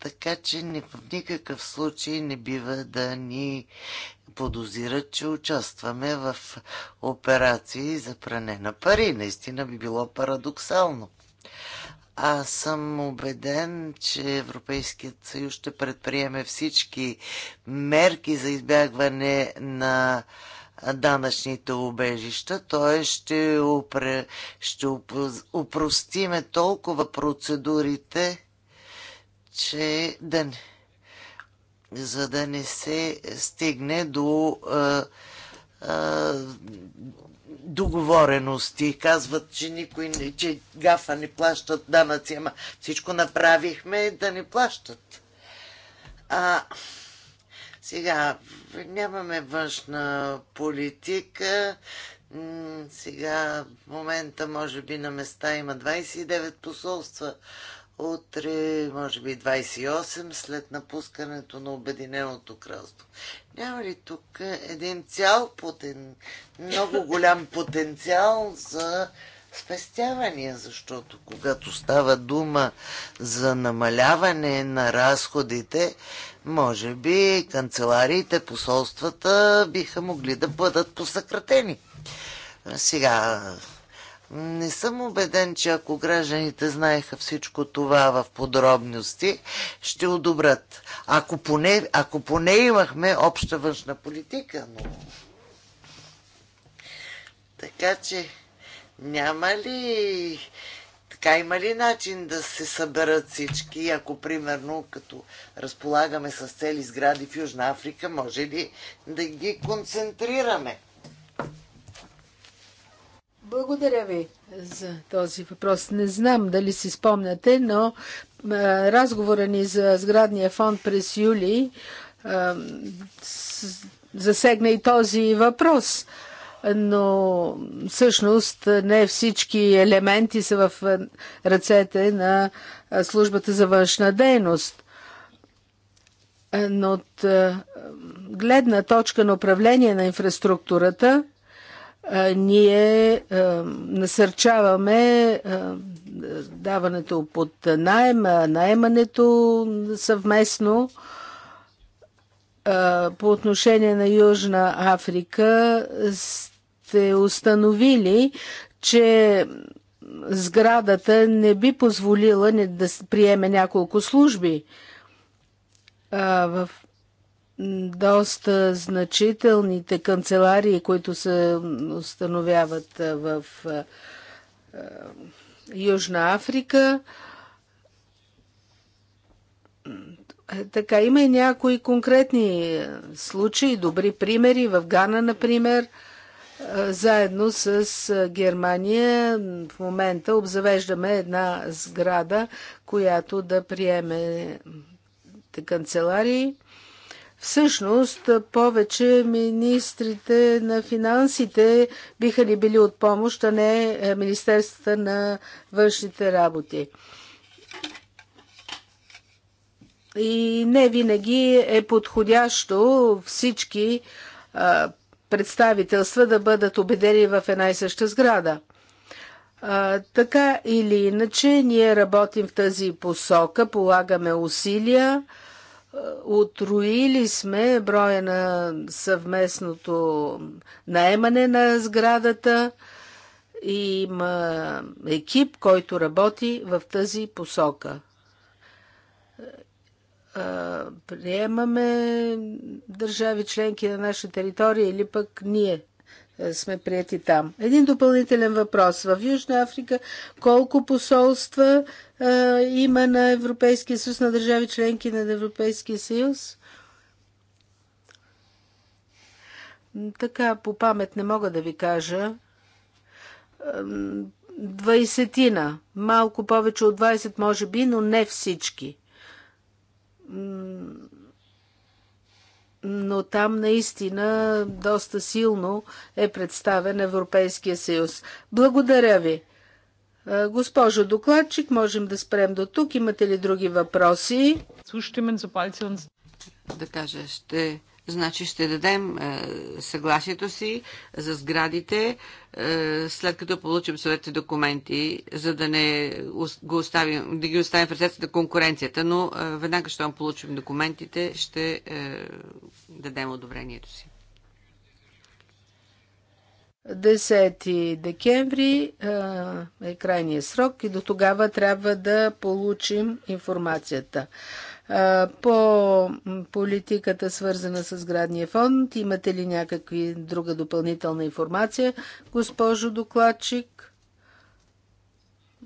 Така че в никакъв случай не бива да ни подозират, че участваме в операции за пране на пари. Наистина би било парадоксално. Аз съм убеден, че Европейският съюз ще предприеме всички мерки за избягване на данъчните убежища, т.е. ще, упре, ще упростиме толкова процедурите, че да не, за да не се стигне до а, а, договорености. Казват, че никой не, че гафа не плащат данъци, ама всичко направихме да не плащат. А, сега, нямаме външна политика. Сега, в момента, може би на места има 29 посолства утре, може би 28, след напускането на Обединеното кралство. Няма ли тук един цял потен... много голям потенциал за спестявания, защото когато става дума за намаляване на разходите, може би канцелариите, посолствата биха могли да бъдат посъкратени. Сега не съм убеден, че ако гражданите знаеха всичко това в подробности, ще одобрят. Ако поне, ако поне имахме обща външна политика, но... Така че няма ли... Така има ли начин да се съберат всички, ако примерно като разполагаме с цели сгради в Южна Африка, може ли да ги концентрираме? Благодаря ви за този въпрос. Не знам дали си спомняте, но разговора ни за сградния фонд през юли засегна и този въпрос. Но всъщност не всички елементи са в ръцете на службата за външна дейност. Но от гледна точка на управление на инфраструктурата, ние а, насърчаваме а, даването под найема, наемането съвместно. А, по отношение на Южна Африка сте установили, че сградата не би позволила не да приеме няколко служби. В доста значителните канцеларии, които се установяват в Южна Африка. Е, така, има и някои конкретни случаи, добри примери. В Гана, например, заедно с Германия в момента обзавеждаме една сграда, която да приеме канцеларии. Всъщност, повече министрите на финансите биха ни били от помощ, а не е, Министерствата на външните работи. И не винаги е подходящо всички е, представителства да бъдат убедени в една и съща сграда. А, е, така или иначе, ние работим в тази посока, полагаме усилия Отроили сме броя на съвместното наемане на сградата и има екип, който работи в тази посока. Приемаме държави членки на наша територия или пък ние сме прияти там. Един допълнителен въпрос. В Южна Африка колко посолства а, има на Европейския съюз, на държави членки на Европейския съюз. Така, по памет не мога да ви кажа. Двайсетина, малко повече от 20 може би, но не всички. Но там наистина доста силно е представен Европейския съюз. Благодаря ви. Е, госпожо докладчик, можем да спрем до тук. Имате ли други въпроси? Да кажа, ще Значи ще дадем е, съгласието си за сградите, е, след като получим съветите документи, за да не го оставим, да ги оставим в ръцете на конкуренцията, но е, веднага, щом получим документите, ще е, дадем одобрението си. 10 декември е крайния срок и до тогава трябва да получим информацията. По политиката, свързана с градния фонд, имате ли някакви друга допълнителна информация, госпожо докладчик?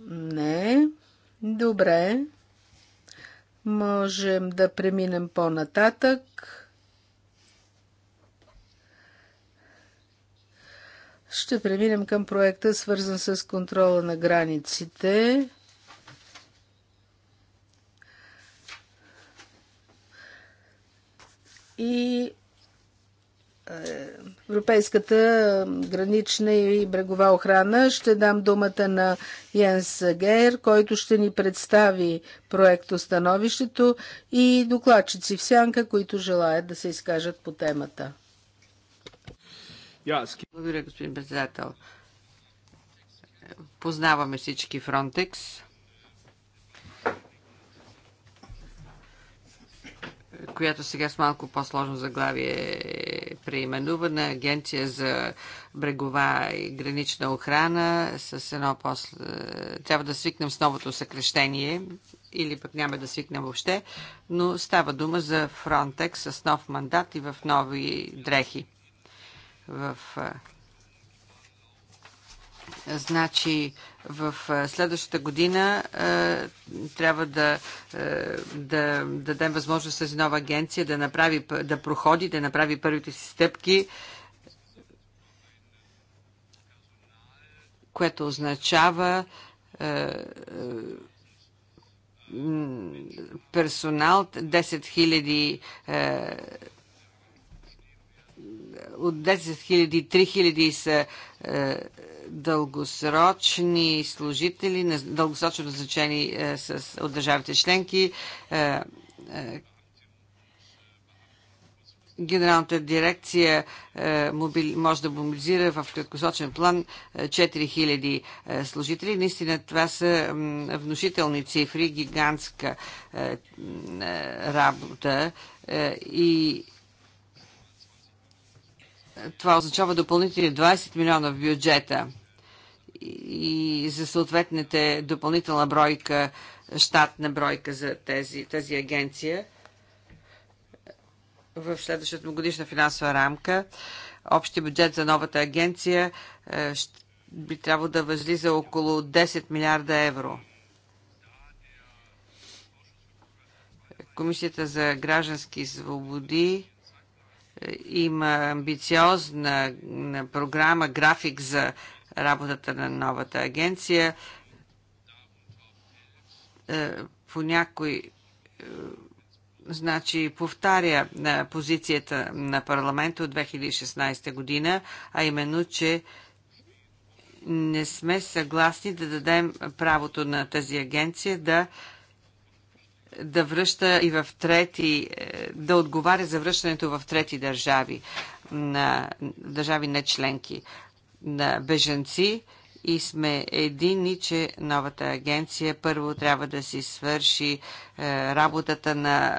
Не. Добре. Можем да преминем по-нататък Ще преминем към проекта, свързан с контрола на границите. И е, Европейската гранична и брегова охрана. Ще дам думата на Йенс Гейер, който ще ни представи проектостановището и докладчици в сянка, които желаят да се изкажат по темата. Благодаря, господин председател. Познаваме всички Фронтекс. която сега с малко по-сложно заглавие е преименувана, Агенция за брегова и гранична охрана, с едно после... трябва да свикнем с новото съкрещение, или пък няма да свикнем въобще, но става дума за Frontex с нов мандат и в нови дрехи в Значи в следващата година е, трябва да, е, да дадем възможност тази нова агенция да, направи, да проходи, да направи първите си стъпки, което означава е, персонал 10 000 от 10 000, 3000 са е, дългосрочни служители, дългосрочно назначени е, с, от държавите членки. Е, е, Генералната дирекция е, мобили, може да мобилизира в краткосрочен план 4000 е, е, служители. Наистина това са е, внушителни цифри, гигантска е, е работа е, и това означава допълнителни 20 милиона в бюджета и за съответните допълнителна бройка, щатна бройка за тези, тази агенция в следващата годишна финансова рамка. Общия бюджет за новата агенция е, би трябвало да възлиза около 10 милиарда евро. Комисията за граждански свободи има амбициозна програма, график за работата на новата агенция. Е, по някой е, значи повтаря е, позицията на парламента от 2016 година, а именно, че не сме съгласни да дадем правото на тази агенция да да връща и в трети, е, да отговаря за връщането в трети държави, на държави не членки на беженци и сме едини, че новата агенция първо трябва да си свърши е, работата на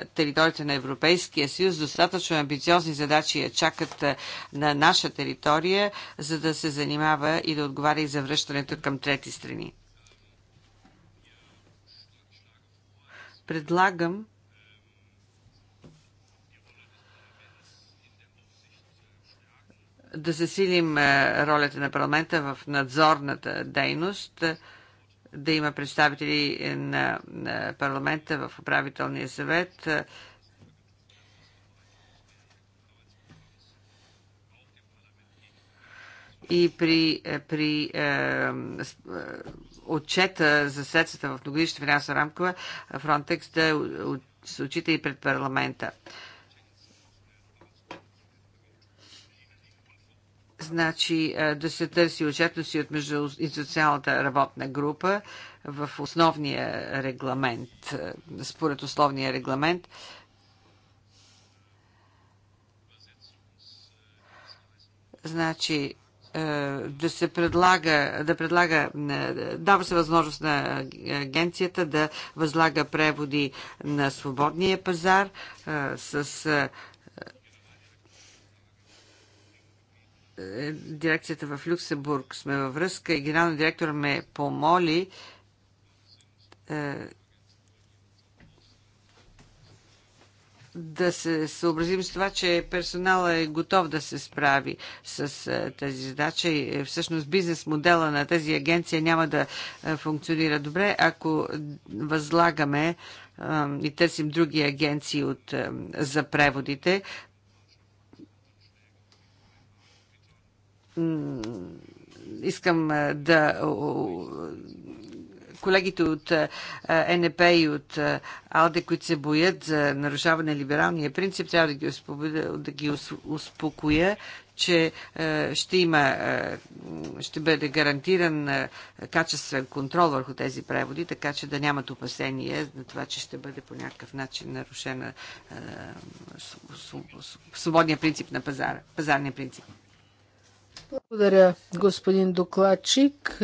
е, територията на Европейския съюз. Достатъчно амбициозни задачи я чакат на наша територия, за да се занимава и да отговаря и за връщането към трети страни. предлагам да засилим е, ролята на парламента в надзорната дейност, е, да има представители на парламента в управителния съвет. Е, и при, при отчета за средствата в многогодишната финансова рамка Frontex да се отчита и пред парламента. Значи да се търси отчетност и от междуинституционалната работна група в основния регламент, според основния регламент. Значи, е, да се предлага, да предлага, е, дава се възможност на агенцията да възлага преводи на свободния пазар е, с дирекцията в Люксембург сме във връзка и генералният директор ме помоли да се съобразим с това, че персонала е готов да се справи с тази задача и е, всъщност бизнес модела на тези агенция няма да функционира добре, ако възлагаме и търсим други агенции от, за преводите искам да колегите от е, е, НП и от е, АЛДЕ, които се боят за нарушаване на либералния принцип, трябва да ги, успокоя, да ги успокоя че ще има, ще бъде гарантиран качествен контрол върху тези преводи, така че да нямат опасение на това, че ще бъде по някакъв начин нарушена свободния принцип на пазара, пазарния принцип. Благодаря, господин докладчик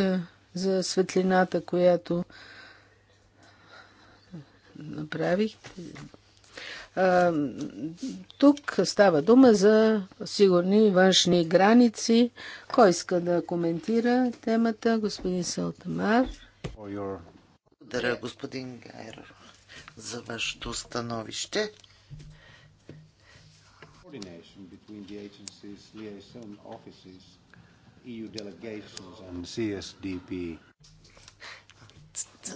за светлината, която А, Тук става дума за сигурни външни граници. Кой иска да коментира темата? Господин Салтамар. Благодаря, господин Гайр, за вашето становище. Coordination between the agencies, liaison offices EU delegations and CSDP.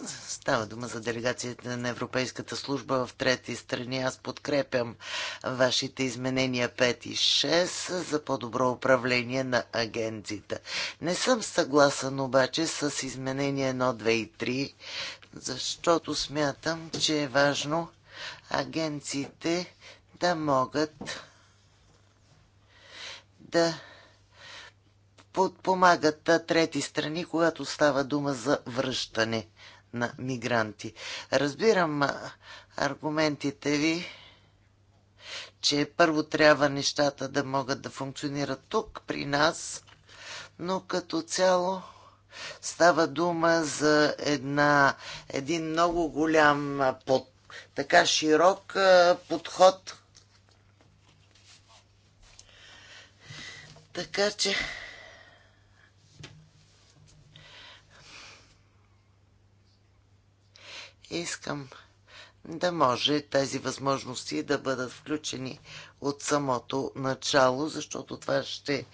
Става дума за делегацията на Европейската служба в трети страни. Аз подкрепям вашите изменения 5 и 6 за по-добро управление на агенцията. Не съм съгласен обаче с изменения 1, 2 и 3, защото смятам, че е важно агенциите да могат да подпомагат трети страни, когато става дума за връщане на мигранти. Разбирам аргументите ви, че първо трябва нещата да могат да функционират тук, при нас, но като цяло става дума за една, един много голям под, така широк подход. Така че Искам да може тези възможности да бъдат включени от самото начало, защото това ще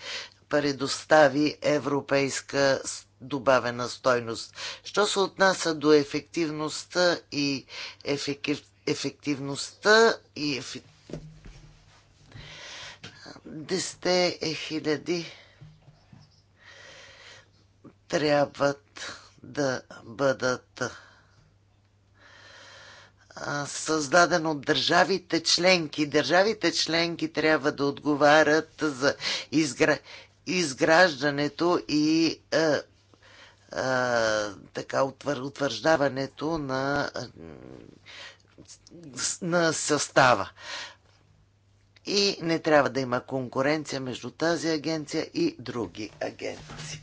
предостави европейска добавена стойност. Що се отнася до ефективността и ефектив, ефективността и ефи... е хиляди трябват да бъдат създаден от държавите членки. Държавите членки трябва да отговарят за изгра... изграждането и е, е, така утвърждаването на, на състава. И не трябва да има конкуренция между тази агенция и други агенции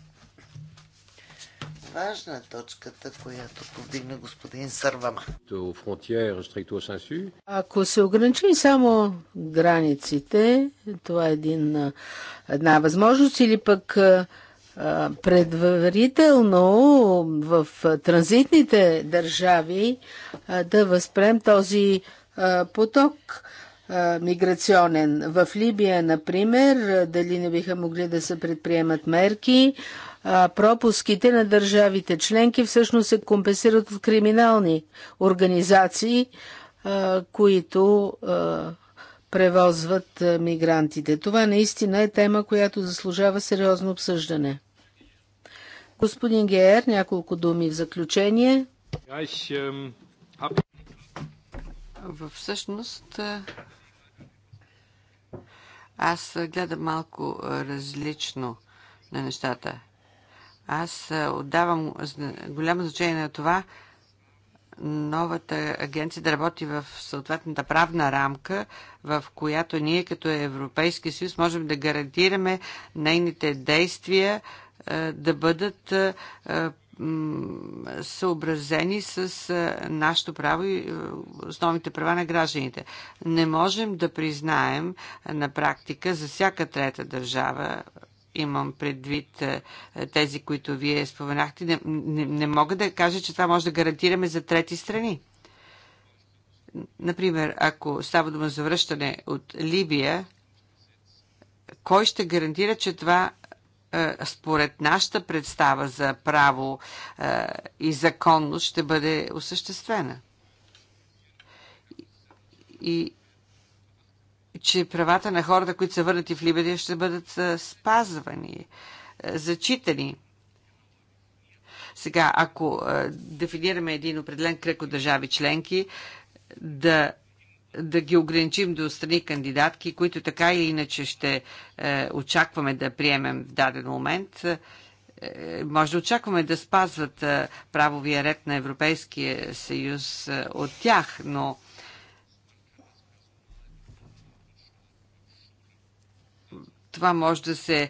важна точката, която повдигна господин Сървама. Ако се ограничи само границите, това е един, една възможност или пък предварително в транзитните държави да възпрем този поток миграционен. В Либия, например, дали не биха могли да се предприемат мерки пропуските на държавите членки всъщност се компенсират от криминални организации, които превозват мигрантите. Това наистина е тема, която заслужава сериозно обсъждане. Господин Геер, няколко думи в заключение. Всъщност, аз гледам малко различно на нещата. Аз отдавам голямо значение на това новата агенция да работи в съответната правна рамка, в която ние като Европейски съюз можем да гарантираме нейните действия да бъдат съобразени с нашето право и основните права на гражданите. Не можем да признаем на практика за всяка трета държава имам предвид е, е, тези, които вие споменахте, не, не, не мога да кажа, че това може да гарантираме за трети страни. Например, ако става дума за връщане от Либия, кой ще гарантира, че това е, според нашата представа за право и законност ще бъде осъществена? И че правата на хората, които са върнати в Либерия, ще бъдат спазвани, зачитани. Сега, ако дефинираме един определен кръг от държави членки, да, да ги ограничим до страни кандидатки, които така или иначе ще очакваме да приемем в даден момент, може да очакваме да спазват правовия ред на Европейския съюз от тях, но това може да се,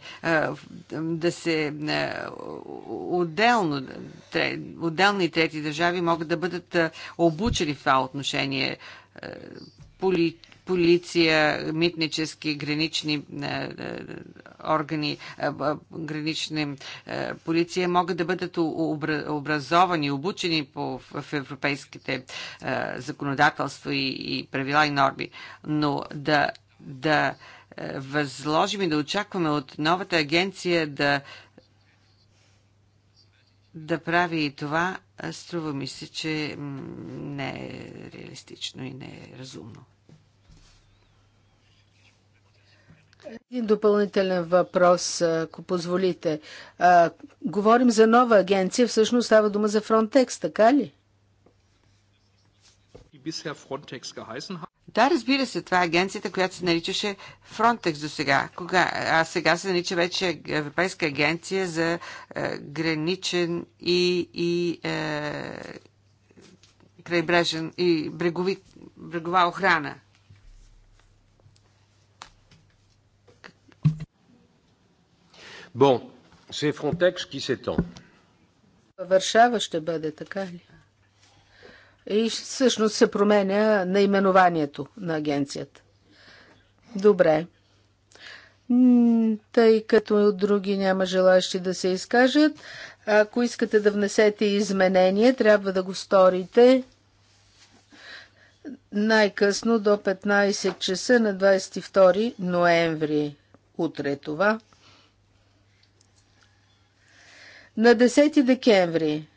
да се отделно, отделни трети държави могат да бъдат обучени в това отношение. Поли, полиция, митнически, гранични органи, гранични полиция могат да бъдат образовани, обучени по, в европейските законодателства и, и правила и норми. Но да, да възложим и да очакваме от новата агенция да, да прави и това, струва ми се, че не е реалистично и не е разумно. Един допълнителен въпрос, ако позволите. А, говорим за нова агенция, всъщност става дума за Frontex, така ли? Да, разбира се, това е агенцията, която се наричаше Frontex до сега, кога, а сега се нарича вече Европейска агенция за е, граничен и, и е, крайбрежен и брегови, брегова охрана. Бон, bon, c'est Frontex qui s'étend. Варшава ще бъде, така ли? и всъщност се променя наименованието на агенцията. Добре. Тъй като други няма желащи да се изкажат, ако искате да внесете изменения, трябва да го сторите най-късно до 15 часа на 22 ноември. Утре това. На 10 декември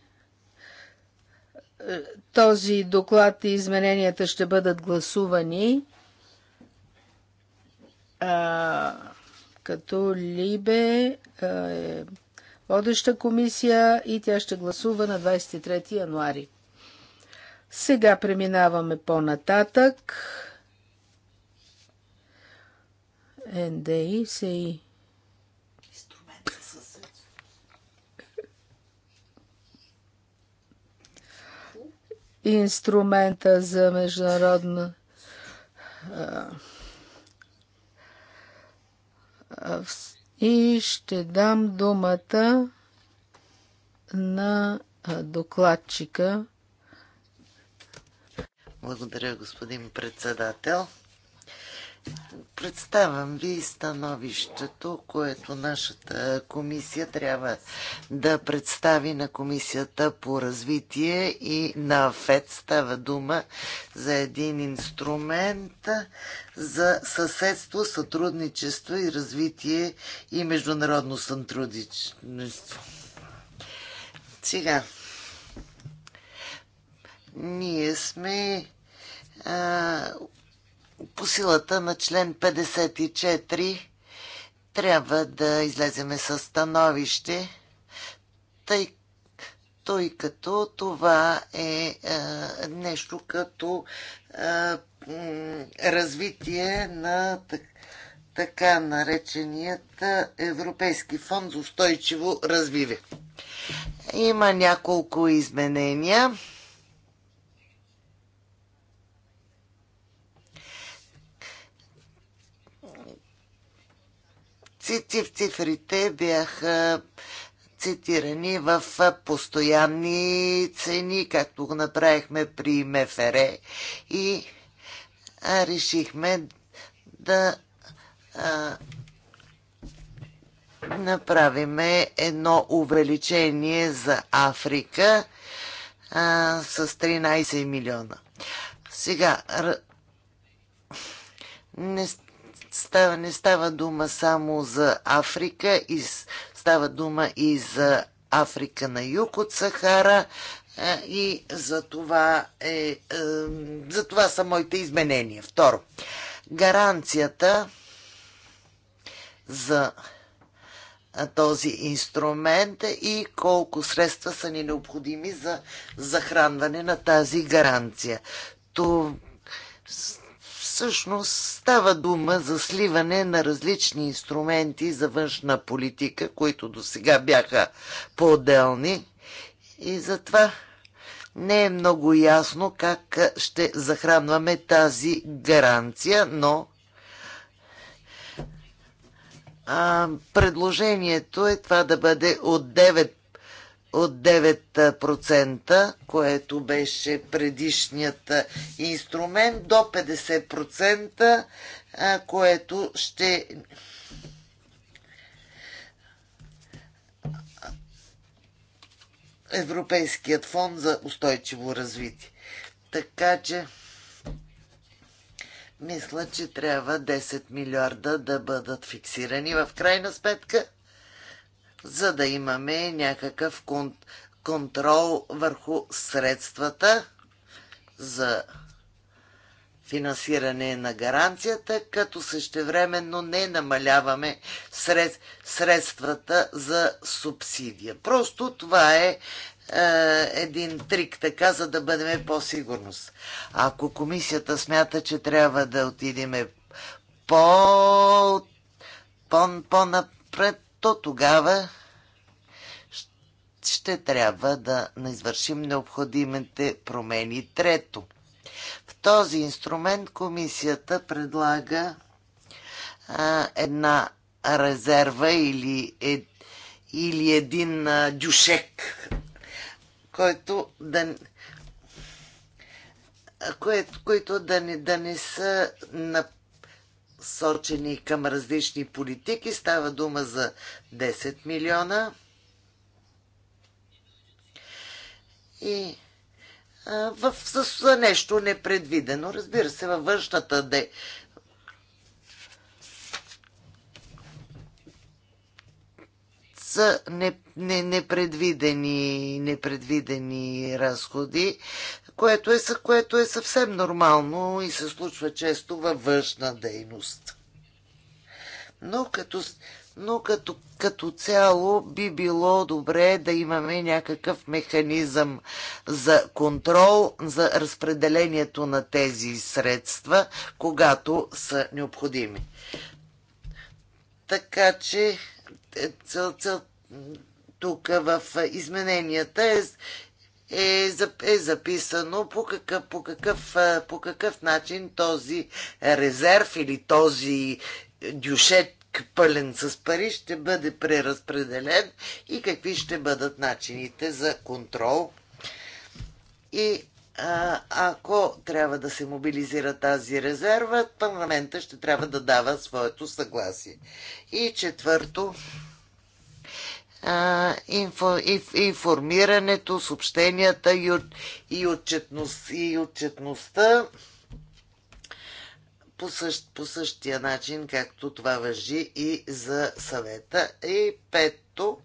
този доклад и измененията ще бъдат гласувани а, като Либе а, е водеща комисия и тя ще гласува на 23 януари. Сега преминаваме по-нататък. НДИ, СИ. инструмента за международно и ще дам думата на докладчика. Благодаря, господин председател. Представям ви становището, което нашата комисия трябва да представи на Комисията по развитие и на ФЕД. Става дума за един инструмент за съседство, сътрудничество и развитие и международно сътрудничество. Сега, ние сме а, по силата на член 54 трябва да излеземе със становище, тъй, тъй като това е, е нещо като е, развитие на така нареченият е, Европейски фонд за устойчиво развиве. Има няколко изменения. Цифрите бяха цитирани в постоянни цени, както го направихме при МФР и решихме да направиме едно увеличение за Африка а, с 13 милиона. Сега, не, става, не става дума само за Африка, и става дума и за Африка на юг от Сахара е, и за това, е, е, за това са моите изменения. Второ, гаранцията за е, този инструмент и колко средства са ни необходими за захранване на тази гаранция. То всъщност става дума за сливане на различни инструменти за външна политика, които до сега бяха по-отделни. И затова не е много ясно как ще захранваме тази гаранция, но а, предложението е това да бъде от 9 от 9%, което беше предишният инструмент, до 50%, което ще Европейският фонд за устойчиво развитие. Така че мисля, че трябва 10 милиарда да бъдат фиксирани в крайна сметка за да имаме някакъв кон- контрол върху средствата за финансиране на гаранцията, като същевременно не намаляваме сред, средствата за субсидия. Просто това е, е един трик, така, за да бъдем по-сигурност. Ако комисията смята, че трябва да отидеме по, по, по-напред, то тогава ще трябва да извършим необходимите промени. Трето, в този инструмент комисията предлага а, една резерва или, е, или един а, дюшек, който да, кое, които да не, да не са на насочени към различни политики. Става дума за 10 милиона. И в, за нещо непредвидено. Разбира се, във външната де, са не, не, непредвидени, непредвидени разходи което е, което е съвсем нормално и се случва често във външна дейност. Но като, но като, като цяло би било добре да имаме някакъв механизъм за контрол за разпределението на тези средства, когато са необходими. Така че е, цел, цел, тук в измененията е е, е записано по какъв, по, какъв, е, по какъв начин този резерв или този дюшет пълен с пари ще бъде преразпределен и какви ще бъдат начините за контрол. И а, ако трябва да се мобилизира тази резерва, парламента ще трябва да дава своето съгласие. И четвърто, информирането, съобщенията и, от, и, отчетност, и отчетността по, същ, по същия начин, както това въжи и за съвета. И пето,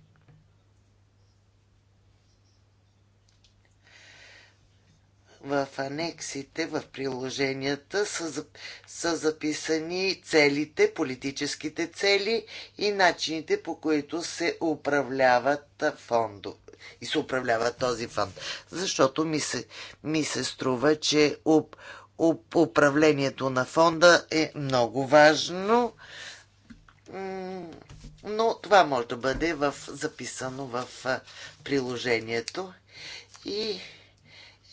в анексите, в приложенията са, са записани целите, политическите цели и начините по които се управляват фондо и се управлява този фонд. Защото ми се, ми се струва, че уп, уп, управлението на фонда е много важно, но това може да бъде в, записано в приложението. И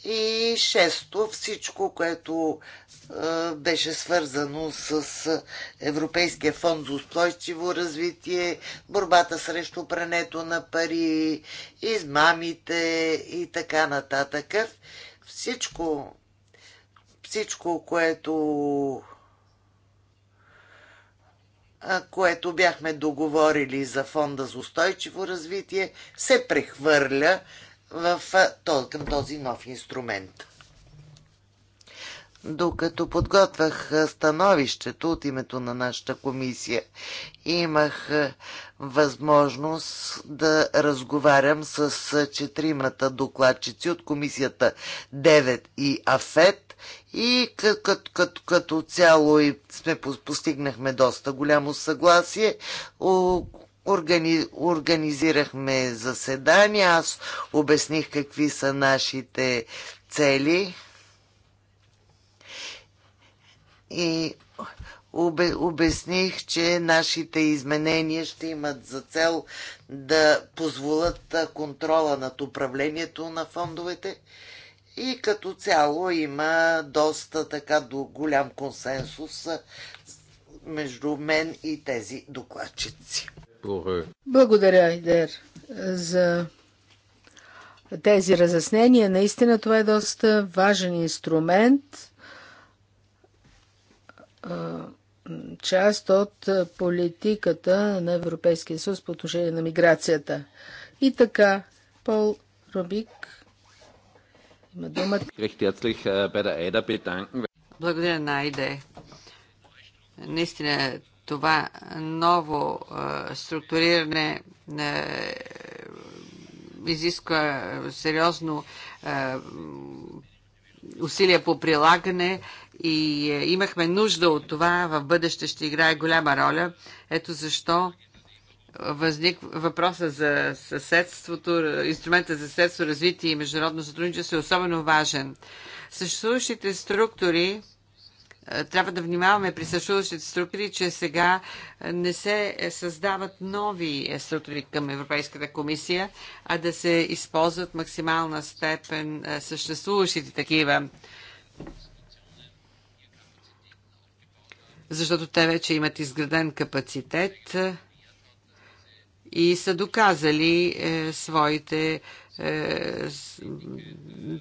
и шесто, всичко, което е, беше свързано с Европейския фонд за устойчиво развитие, борбата срещу прането на пари, измамите и така нататък. Всичко, всичко, което което бяхме договорили за Фонда за устойчиво развитие, се прехвърля в, към този нов инструмент. Докато подготвях становището от името на нашата комисия, имах възможност да разговарям с четиримата докладчици от комисията 9 и АФЕТ и като, като, като, като цяло и сме постигнахме доста голямо съгласие. Органи, организирахме заседания, аз обясних какви са нашите цели и обе, обясних, че нашите изменения ще имат за цел да позволят контрола над управлението на фондовете и като цяло има доста така до голям консенсус между мен и тези докладчици. Euh, Благодаря, Айдер, за тези разяснения. Наистина това е доста важен инструмент, част от политиката на Европейския съюз по отношение на миграцията. И така, Пол Рубик има думата. Äh, Благодаря на Айде. Наистина това ново структуриране изисква сериозно усилия по прилагане и имахме нужда от това в бъдеще ще играе голяма роля. Ето защо възник въпроса за съседството, инструмента за съседство, развитие и международно сътрудничество е особено важен. Съществуващите структури трябва да внимаваме при съществуващите структури, че сега не се създават нови структури към Европейската комисия, а да се използват максимална степен съществуващите такива. Защото те вече имат изграден капацитет и са доказали е, своите е,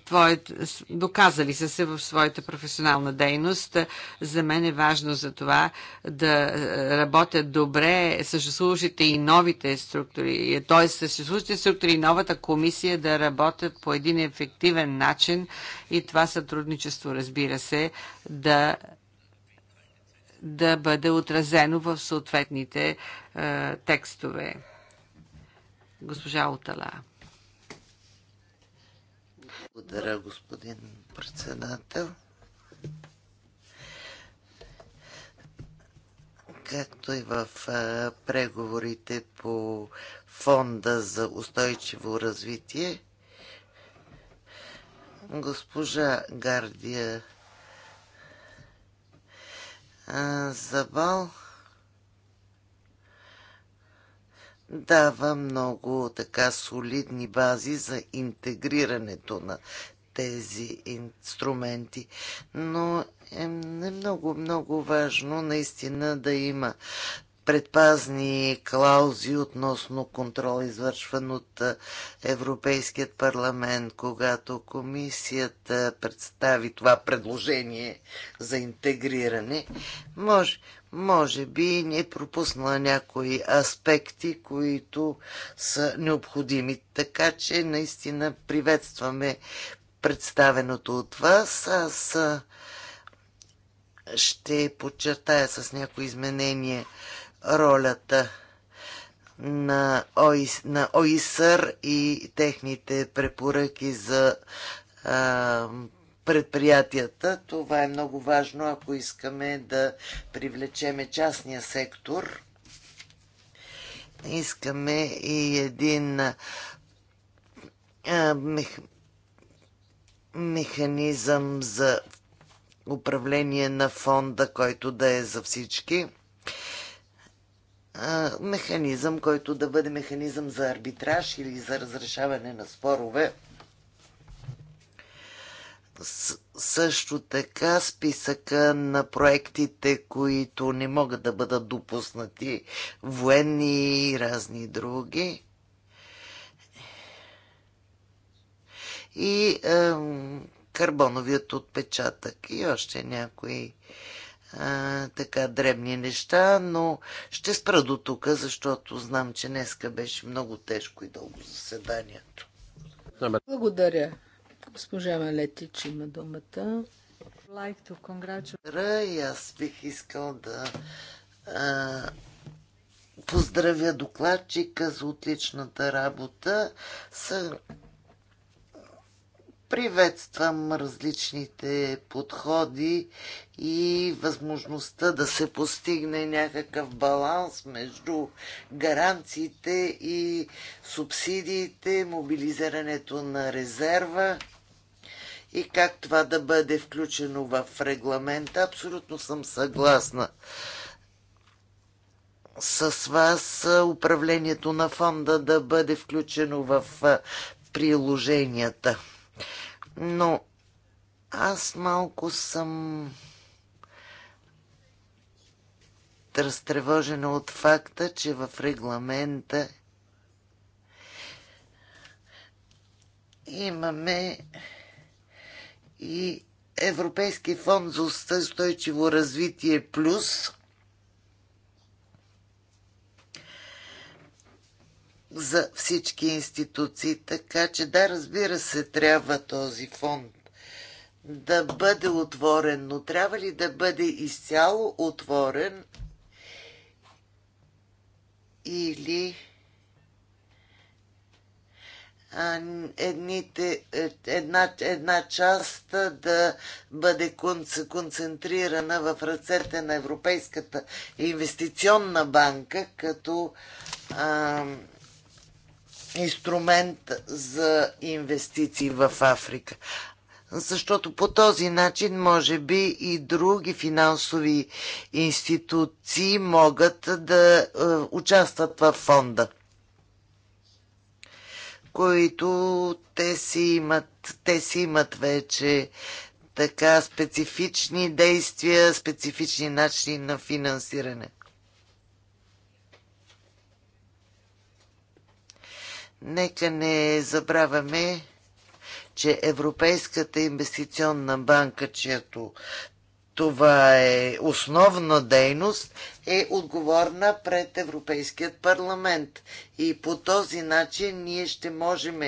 твоят, доказали са се в своята професионална дейност. За мен е важно за това да е, работят добре съществуващите и новите структури, т.е. съществуващите структури и новата комисия да работят по един ефективен начин и това сътрудничество, разбира се, да да бъде отразено в съответните е, текстове. Госпожа Отала. Благодаря, господин председател. както и в преговорите по Фонда за устойчиво развитие. Госпожа Гардия Забал дава много така солидни бази за интегрирането на тези инструменти. Но е, е много, много важно наистина да има предпазни клаузи относно контрол, извършван от Европейският парламент, когато комисията представи това предложение за интегриране. Може, може би не е пропуснала някои аспекти, които са необходими. Така че наистина приветстваме представеното от вас. Аз ще подчертая с някои изменения ролята на, ОИС, на ОИСър и техните препоръки за а, предприятията. Това е много важно, ако искаме да привлечеме частния сектор. Искаме и един а, мех, механизъм за управление на фонда, който да е за всички механизъм, който да бъде механизъм за арбитраж или за разрешаване на спорове. С също така списъка на проектите, които не могат да бъдат допуснати, военни и разни други. И е, карбоновият отпечатък и още някои а, така дребни неща, но ще спра до тук, защото знам, че днеска беше много тежко и дълго заседанието. Благодаря. Госпожа Малетич има думата. Like congratulate... И аз бих искал да а, поздравя докладчика за отличната работа. Съ Приветствам различните подходи и възможността да се постигне някакъв баланс между гаранциите и субсидиите, мобилизирането на резерва и как това да бъде включено в регламента. Абсолютно съм съгласна с вас управлението на фонда да бъде включено в приложенията. Но аз малко съм разтревожена от факта, че в регламента имаме и Европейски фонд за устойчиво развитие плюс, за всички институции. Така че да, разбира се, трябва този фонд да бъде отворен, но трябва ли да бъде изцяло отворен или едните, една, една част да бъде концентрирана в ръцете на Европейската инвестиционна банка, като а, инструмент за инвестиции в Африка. Защото по този начин, може би, и други финансови институции могат да е, участват в фонда, които те си имат, те си имат вече така специфични действия, специфични начини на финансиране. Нека не забравяме, че Европейската инвестиционна банка, чието това е основна дейност, е отговорна пред Европейският парламент. И по този начин ние ще можем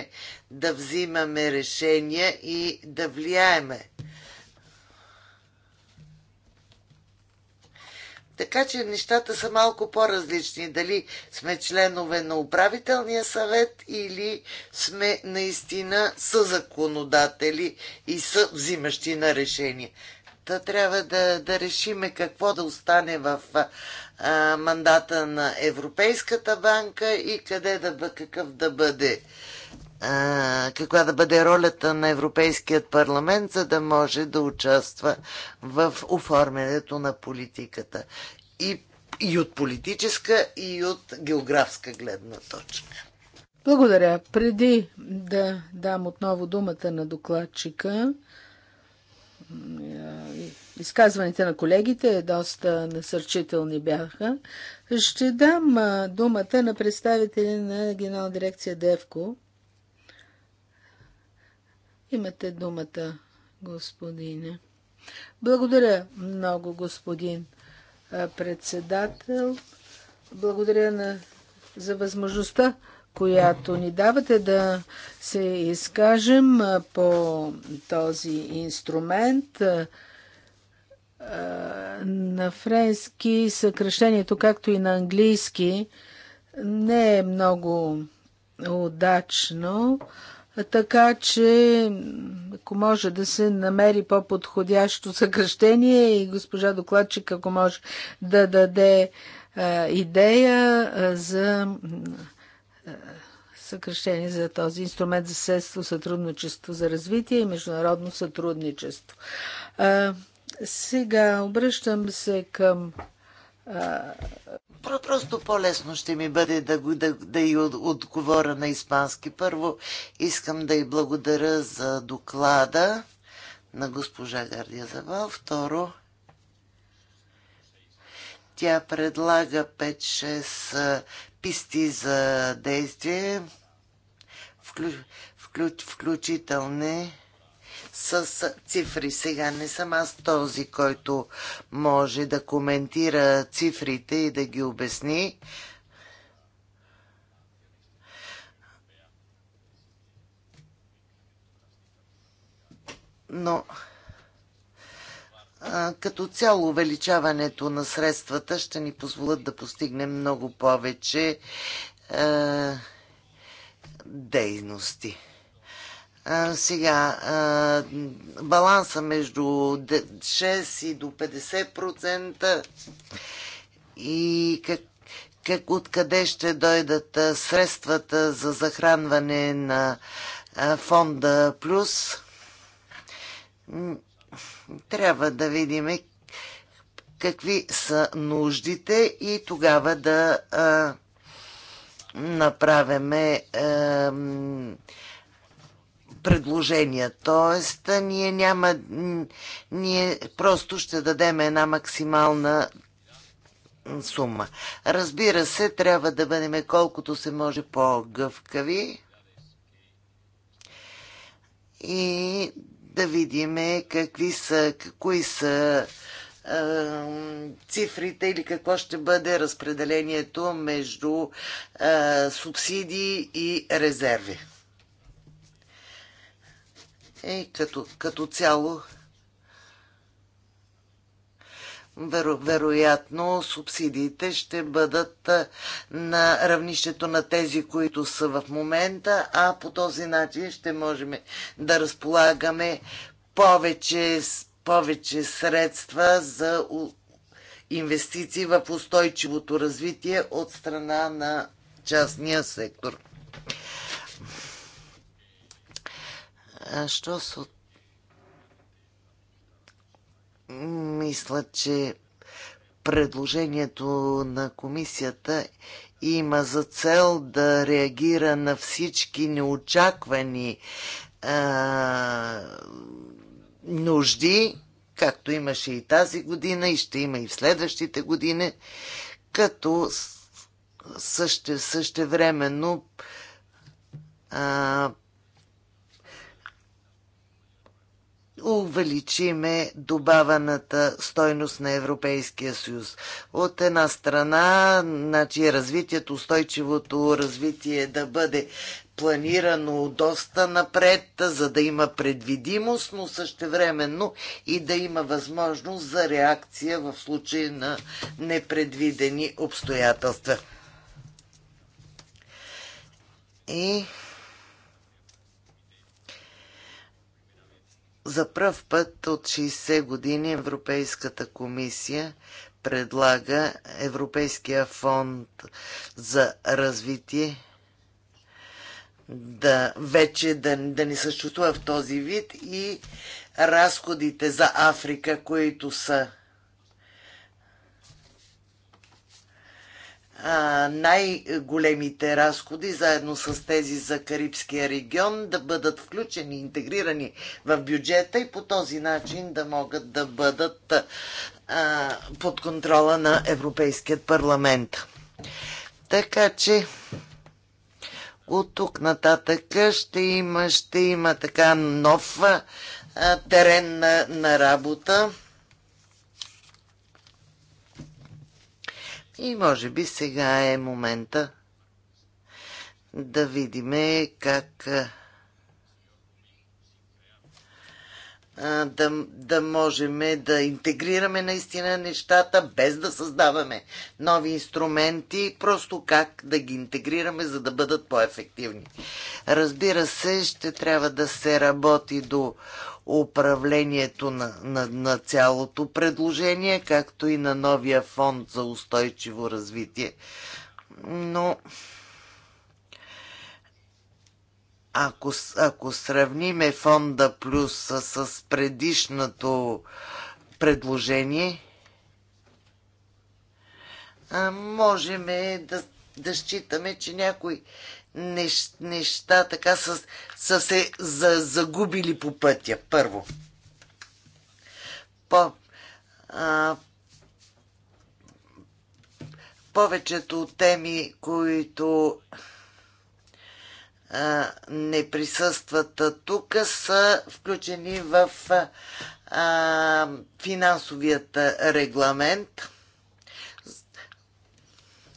да взимаме решения и да влияеме Така че нещата са малко по-различни. Дали сме членове на управителния съвет или сме наистина съзаконодатели и са взимащи на решение. Та трябва да, да решиме какво да остане в а, мандата на Европейската банка и къде да, какъв да бъде каква да бъде ролята на Европейският парламент, за да може да участва в оформянето на политиката. И, и от политическа, и от географска гледна точка. Благодаря. Преди да дам отново думата на докладчика, изказваните на колегите е доста насърчителни бяха, ще дам думата на представители на Генерална дирекция ДЕВКО, Имате думата, господине. Благодаря много, господин председател. Благодаря на, за възможността, която ни давате да се изкажем по този инструмент. На френски съкръщението, както и на английски, не е много удачно така че ако може да се намери по-подходящо съкръщение и госпожа докладчик, ако може да даде а, идея а, за а, съкръщение за този инструмент за следство сътрудничество за развитие и международно сътрудничество. А, сега обръщам се към Просто по-лесно ще ми бъде да, да, да и отговоря на испански. Първо искам да й благодаря за доклада на госпожа Гардия Завал. Второ, тя предлага 5-6 писти за действие, включителни с цифри. Сега не съм аз този, който може да коментира цифрите и да ги обясни. Но като цяло увеличаването на средствата ще ни позволят да постигнем много повече е, дейности. А, сега, а, баланса между 6 и до 50% и как, как откъде ще дойдат средствата за захранване на а, фонда Плюс. Трябва да видим какви са нуждите и тогава да а, направяме а, предложения. Тоест, ние няма. Ние просто ще дадем една максимална сума. Разбира се, трябва да бъдем колкото се може по-гъвкави и да видим какви са, кои са цифрите или какво ще бъде разпределението между субсидии и резерви е като, като цяло веро, вероятно субсидиите ще бъдат на равнището на тези, които са в момента, а по този начин ще можем да разполагаме повече, повече средства за инвестиции в устойчивото развитие от страна на частния сектор. Що се от... Мисля, че предложението на комисията има за цел да реагира на всички неочаквани а, нужди, както имаше и тази година и ще има и в следващите години, като също същевременно а, увеличиме добавената стойност на Европейския съюз. От една страна, значи развитието, устойчивото развитие да бъде планирано доста напред, за да има предвидимост, но същевременно и да има възможност за реакция в случай на непредвидени обстоятелства. И За пръв път от 60 години Европейската комисия предлага Европейския фонд за развитие да вече да, да не съществува в този вид и разходите за Африка, които са най-големите разходи, заедно с тези за Карибския регион, да бъдат включени, интегрирани в бюджета и по този начин да могат да бъдат под контрола на Европейският парламент. Така че от тук нататък ще има, ще има така нов а, терен на, на работа И може би сега е момента да видиме как да, да можем да интегрираме наистина нещата, без да създаваме нови инструменти, просто как да ги интегрираме, за да бъдат по-ефективни. Разбира се, ще трябва да се работи до управлението на, на, на цялото предложение, както и на новия фонд за устойчиво развитие. Но ако, ако сравниме фонда плюс с, с предишното предложение, можем да, да считаме, че някой нещ, неща така са, са се за, загубили по пътя, първо. По, а, повечето теми, които а, не присъстват тук, са включени в а, финансовият регламент.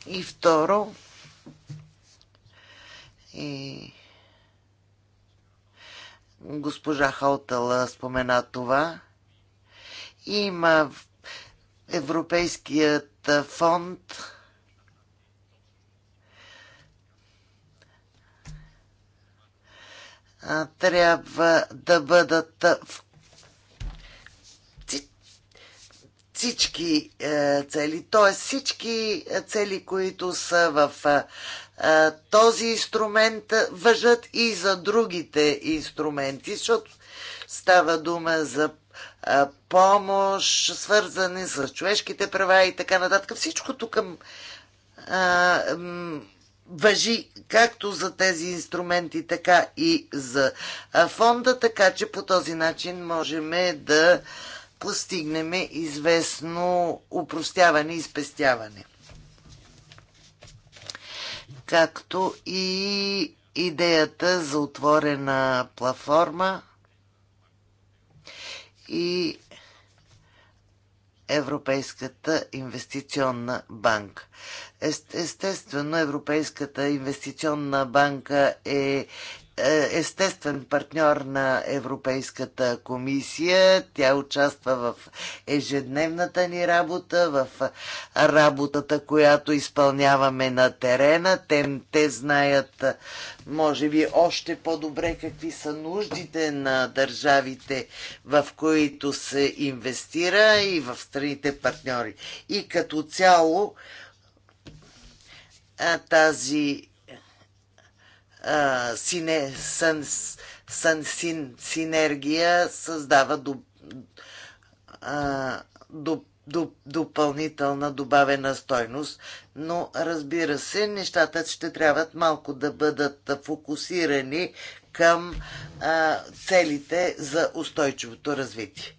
И второ, и госпожа Хаутала спомена това. Има Европейският фонд трябва да бъдат всички е, цели, т.е. всички е, цели, които са в е, този инструмент въжат и за другите инструменти, защото става дума за помощ, свързани с човешките права и така нататък. всичко тук въжи както за тези инструменти, така и за фонда, така че по този начин можем да постигнем известно упростяване и спестяване както и идеята за отворена платформа и Европейската инвестиционна банка. Естествено, Европейската инвестиционна банка е е, естествен партньор на Европейската комисия. Тя участва в ежедневната ни работа, в работата, която изпълняваме на терена. Те, те знаят, може би, още по-добре какви са нуждите на държавите, в които се инвестира и в страните партньори. И като цяло тази сине, сън, сън, син, синергия създава до, а, до, до, допълнителна добавена стойност, но разбира се, нещата ще трябва малко да бъдат фокусирани към а, целите за устойчивото развитие.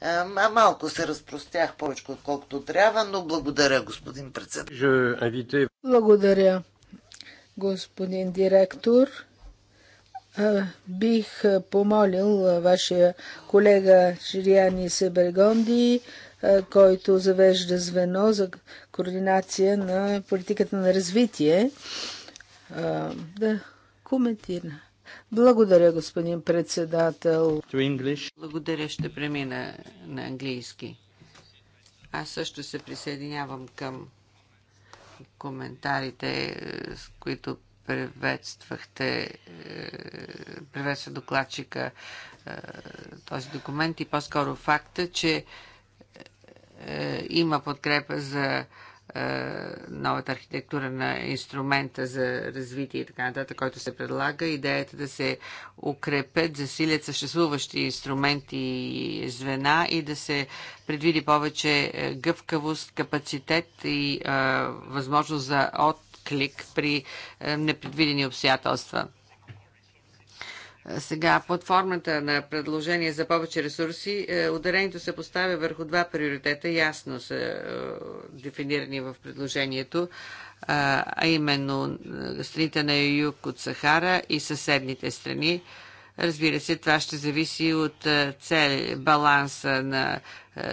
А, малко се разпростях повече, отколкото трябва, но благодаря, господин председател. Благодаря господин директор. Бих помолил вашия колега Жириани Себергонди, който завежда звено за координация на политиката на развитие, да коментира. Благодаря, господин председател. Благодаря, ще премина на английски. Аз също се присъединявам към коментарите, е, с които приветствахте, е, приветства докладчика е, този документ и по-скоро факта, че има подкрепа за е, новата архитектура на инструмента за развитие и така нататък, който се предлага. Идеята да се укрепят, засилят съществуващи инструменти и звена и да се предвиди повече е, гъвкавост, капацитет и е, възможност за отклик при непредвидени обстоятелства. Сега, под формата на предложение за повече ресурси, е, ударението се поставя върху два приоритета, ясно са е, дефинирани в предложението, е, а именно страните на юг от Сахара и съседните страни. Разбира се, това ще зависи от цел, баланса на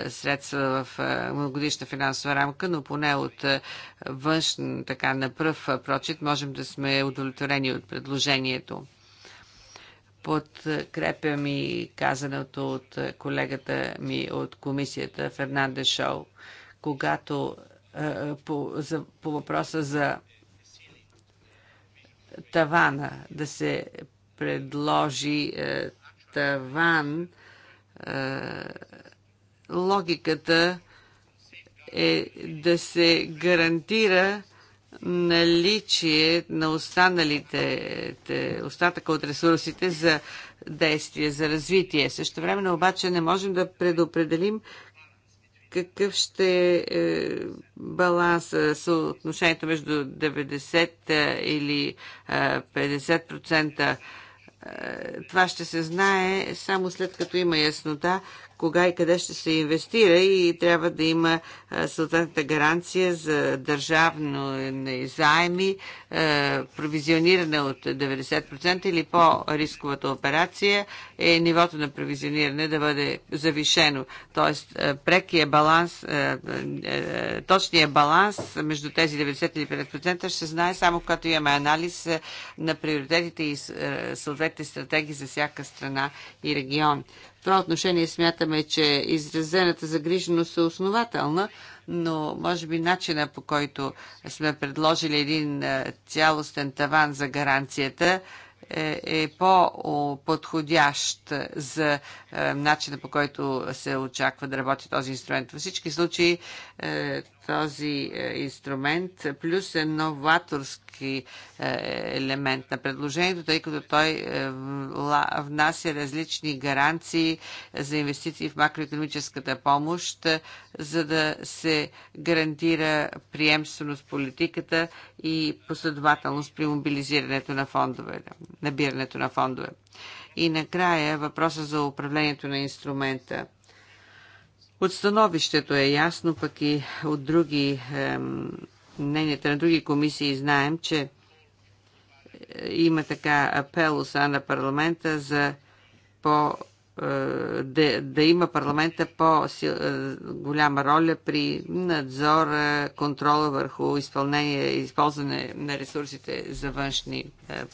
средства в многогодишна финансова рамка, но поне от външен, така на пръв прочит, можем да сме удовлетворени от предложението. Подкрепям и казаното от колегата ми от комисията Фернанде Шоу, когато е, е, по, за, по въпроса за тавана, да се предложи е, таван, е, логиката е да се гарантира наличие на останалите, те, остатъка от ресурсите за действие, за развитие. Също време обаче не можем да предопределим какъв ще е баланс, е, съотношението между 90 е, или 50%. Е, това ще се знае само след като има яснота кога и къде ще се инвестира и трябва да има съответната гаранция за държавно е, заеми, е, провизионирана от 90% или по-рисковата операция е нивото на провизиониране да бъде завишено. Тоест, е, прекия баланс, точният баланс между тези 90 и 50% ще знае само като имаме анализ на приоритетите и съответните стратегии за всяка страна и регион това отношение смятаме, че изразената загриженост е основателна, но може би начина по който сме предложили един е, цялостен таван за гаранцията е, е по-подходящ за е, начина по който се очаква да работи този инструмент. Във всички случаи този е, инструмент, плюс е новаторски елемент на предложението, тъй като той е, внася различни гаранции за инвестиции в макроекономическата помощ, за да се гарантира приемственост политиката и последователност при мобилизирането на фондове, набирането на фондове. И накрая въпроса за управлението на инструмента – от становището е ясно, пък и от други е, мненията на други комисии знаем, че е, има така апел от на парламента за по е, да, да има парламента по-голяма е, роля при надзора, контрола върху изпълнение и използване на ресурсите за външни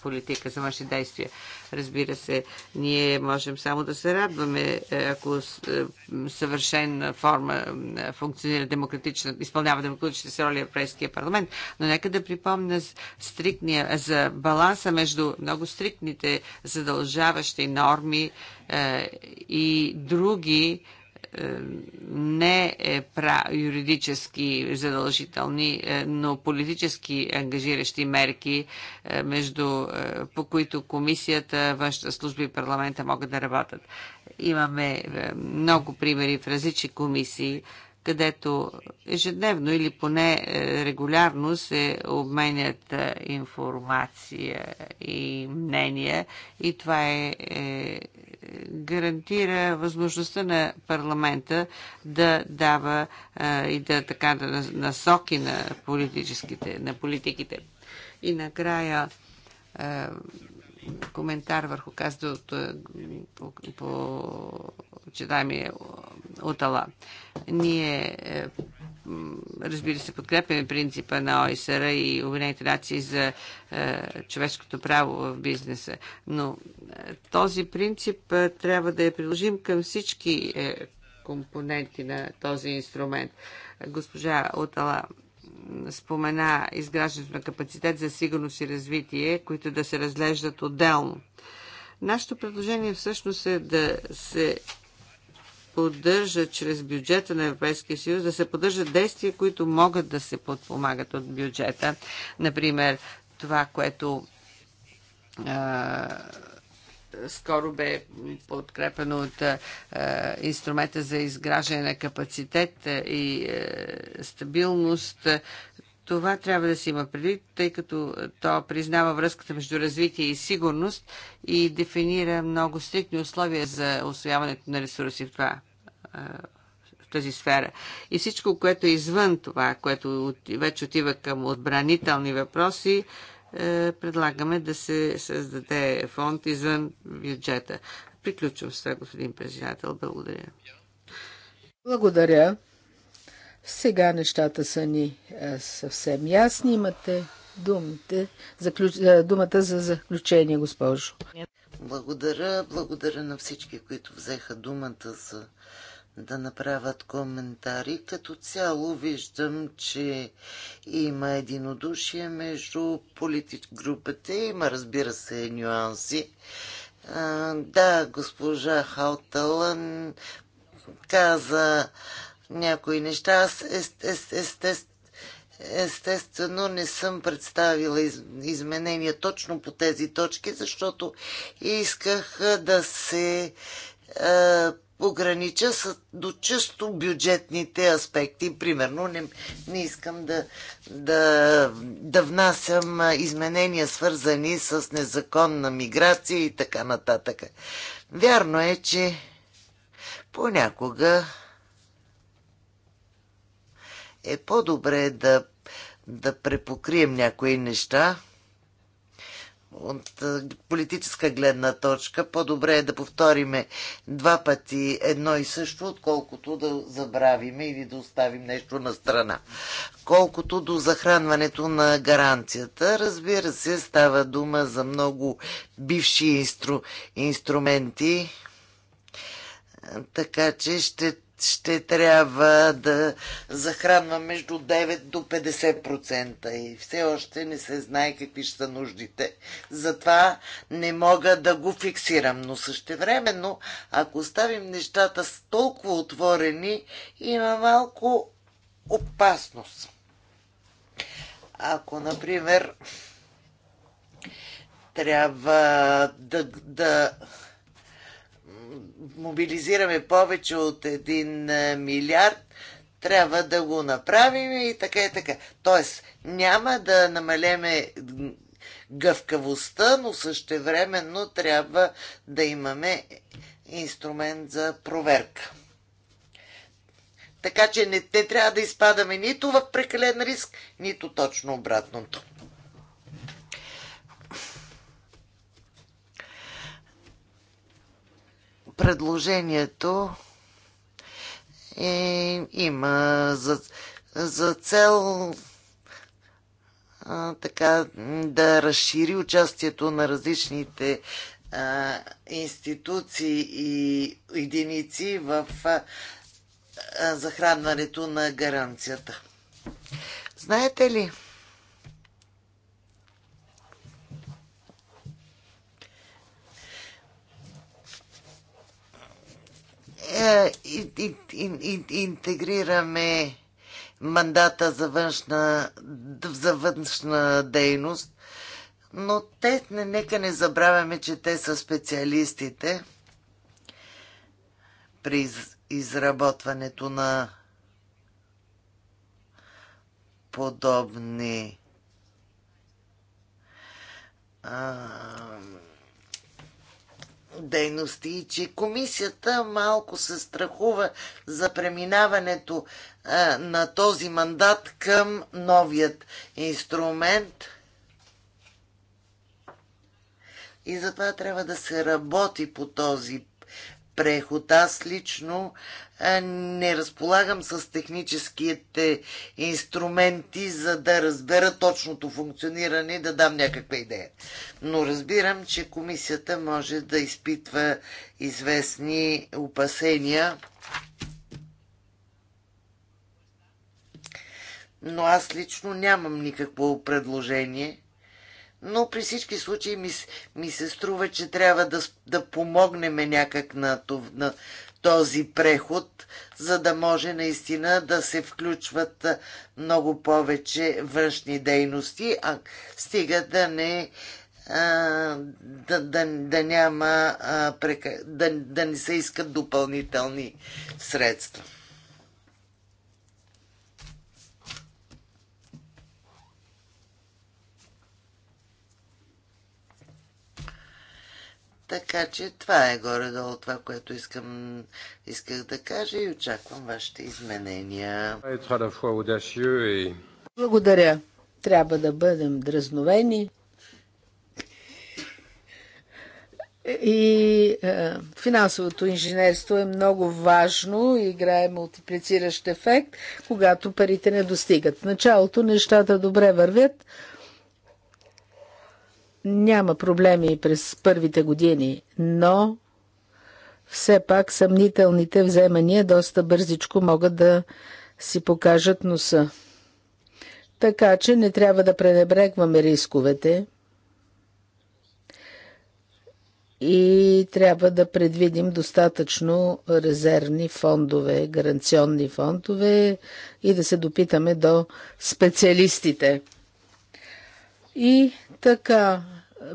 политика, за външни действия. Разбира се, ние можем само да се радваме, е, ако е, съвършена форма е, функционира демократична, изпълнява демократичната си роля Европейския парламент. Но нека да припомня стрикния, за баланса между много стрикните задължаващи норми и други не е юридически задължителни, е, но политически ангажиращи мерки, е, между, е, по които комисията, външната служба и парламента могат да работят. Имаме много примери в различни комисии, където ежедневно или поне регулярно се обменят информация и мнения и това е гарантира възможността на парламента да дава и да така да насоки на, политическите, на политиките. И накрая коментар върху казаното е, по, по читаемия е, от Ние, е, разбира се, подкрепяме принципа на ОСР и Обединените нации за човешкото право в бизнеса, но този принцип трябва да е приложим към всички компоненти на този инструмент. Госпожа Отала спомена изграждането на капацитет за сигурност и развитие, които да се разглеждат отделно. Нашето предложение всъщност е да се поддържа чрез бюджета на Европейския съюз, да се поддържат действия, които могат да се подпомагат от бюджета. Например, това, което скоро бе подкрепено от е, инструмента за изграждане на капацитет е, и е, стабилност. Това трябва да се има предвид, тъй като то признава връзката между развитие и сигурност и дефинира много стрикни условия за освояването на ресурси в това е, тази сфера. И всичко, което е извън това, което вече отива към отбранителни въпроси, е, предлагаме да се създаде фонд извън бюджета. Приключвам с това, господин председател. Благодаря. Благодаря. Сега нещата са ни е, съвсем ясни. Имате думите, заключ... Е, думата за заключение, госпожо. Благодаря. Благодаря на всички, които взеха думата за да направят коментари. Като цяло виждам, че има единодушие между политич групата. Има, разбира се, нюанси. А, да, госпожа Халталън каза някои неща. Аз ест, ест, ест, ест, естествено не съм представила из, изменения точно по тези точки, защото исках да се е, огранича с, до чисто бюджетните аспекти. Примерно, не, не искам да, да, да внасям изменения, свързани с незаконна миграция и така нататък. Вярно е, че понякога е по-добре да, да препокрием някои неща, от е, политическа гледна точка, по-добре е да повториме два пъти едно и също, отколкото да забравиме или да оставим нещо на страна. Колкото до захранването на гаранцията, разбира се, става дума за много бивши инстру... инструменти, е, така че ще ще трябва да захранва между 9 до 50% и все още не се знае какви ще са нуждите. Затова не мога да го фиксирам, но същевременно, ако оставим нещата толкова отворени, има малко опасност. Ако, например, трябва да, да мобилизираме повече от 1 е, милиард, трябва да го направим и така и така. Тоест, няма да намалеме гъвкавостта, но същевременно трябва да имаме инструмент за проверка. Така че не, не трябва да изпадаме нито в прекален риск, нито точно обратното. предложението е, има за, за цел а, така да разшири участието на различните а, институции и единици в а, захранването на гаранцията. Знаете ли, интегрираме мандата за външна, за външна дейност, но те, нека не забравяме, че те са специалистите при изработването на подобни а, дейности и че комисията малко се страхува за преминаването а, на този мандат към новият инструмент. И затова трябва да се работи по този преход. Аз лично не разполагам с техническите инструменти, за да разбера точното функциониране и да дам някаква идея. Но разбирам, че комисията може да изпитва известни опасения. Но аз лично нямам никакво предложение. Но при всички случаи ми, ми се струва, че трябва да, да помогнем някак на, на, този преход, за да може наистина да се включват много повече външни дейности, а стига да не да, да, да няма да, да не се искат допълнителни средства. Така че това е горе-долу това, което искам, исках да кажа и очаквам вашите изменения. Благодаря. Трябва да бъдем дразновени. И е, финансовото инженерство е много важно и играе мултиплициращ ефект, когато парите не достигат. В началото нещата добре вървят, няма проблеми през първите години, но все пак съмнителните вземания доста бързичко могат да си покажат носа. Така че не трябва да пренебрегваме рисковете и трябва да предвидим достатъчно резервни фондове, гаранционни фондове и да се допитаме до специалистите. И така,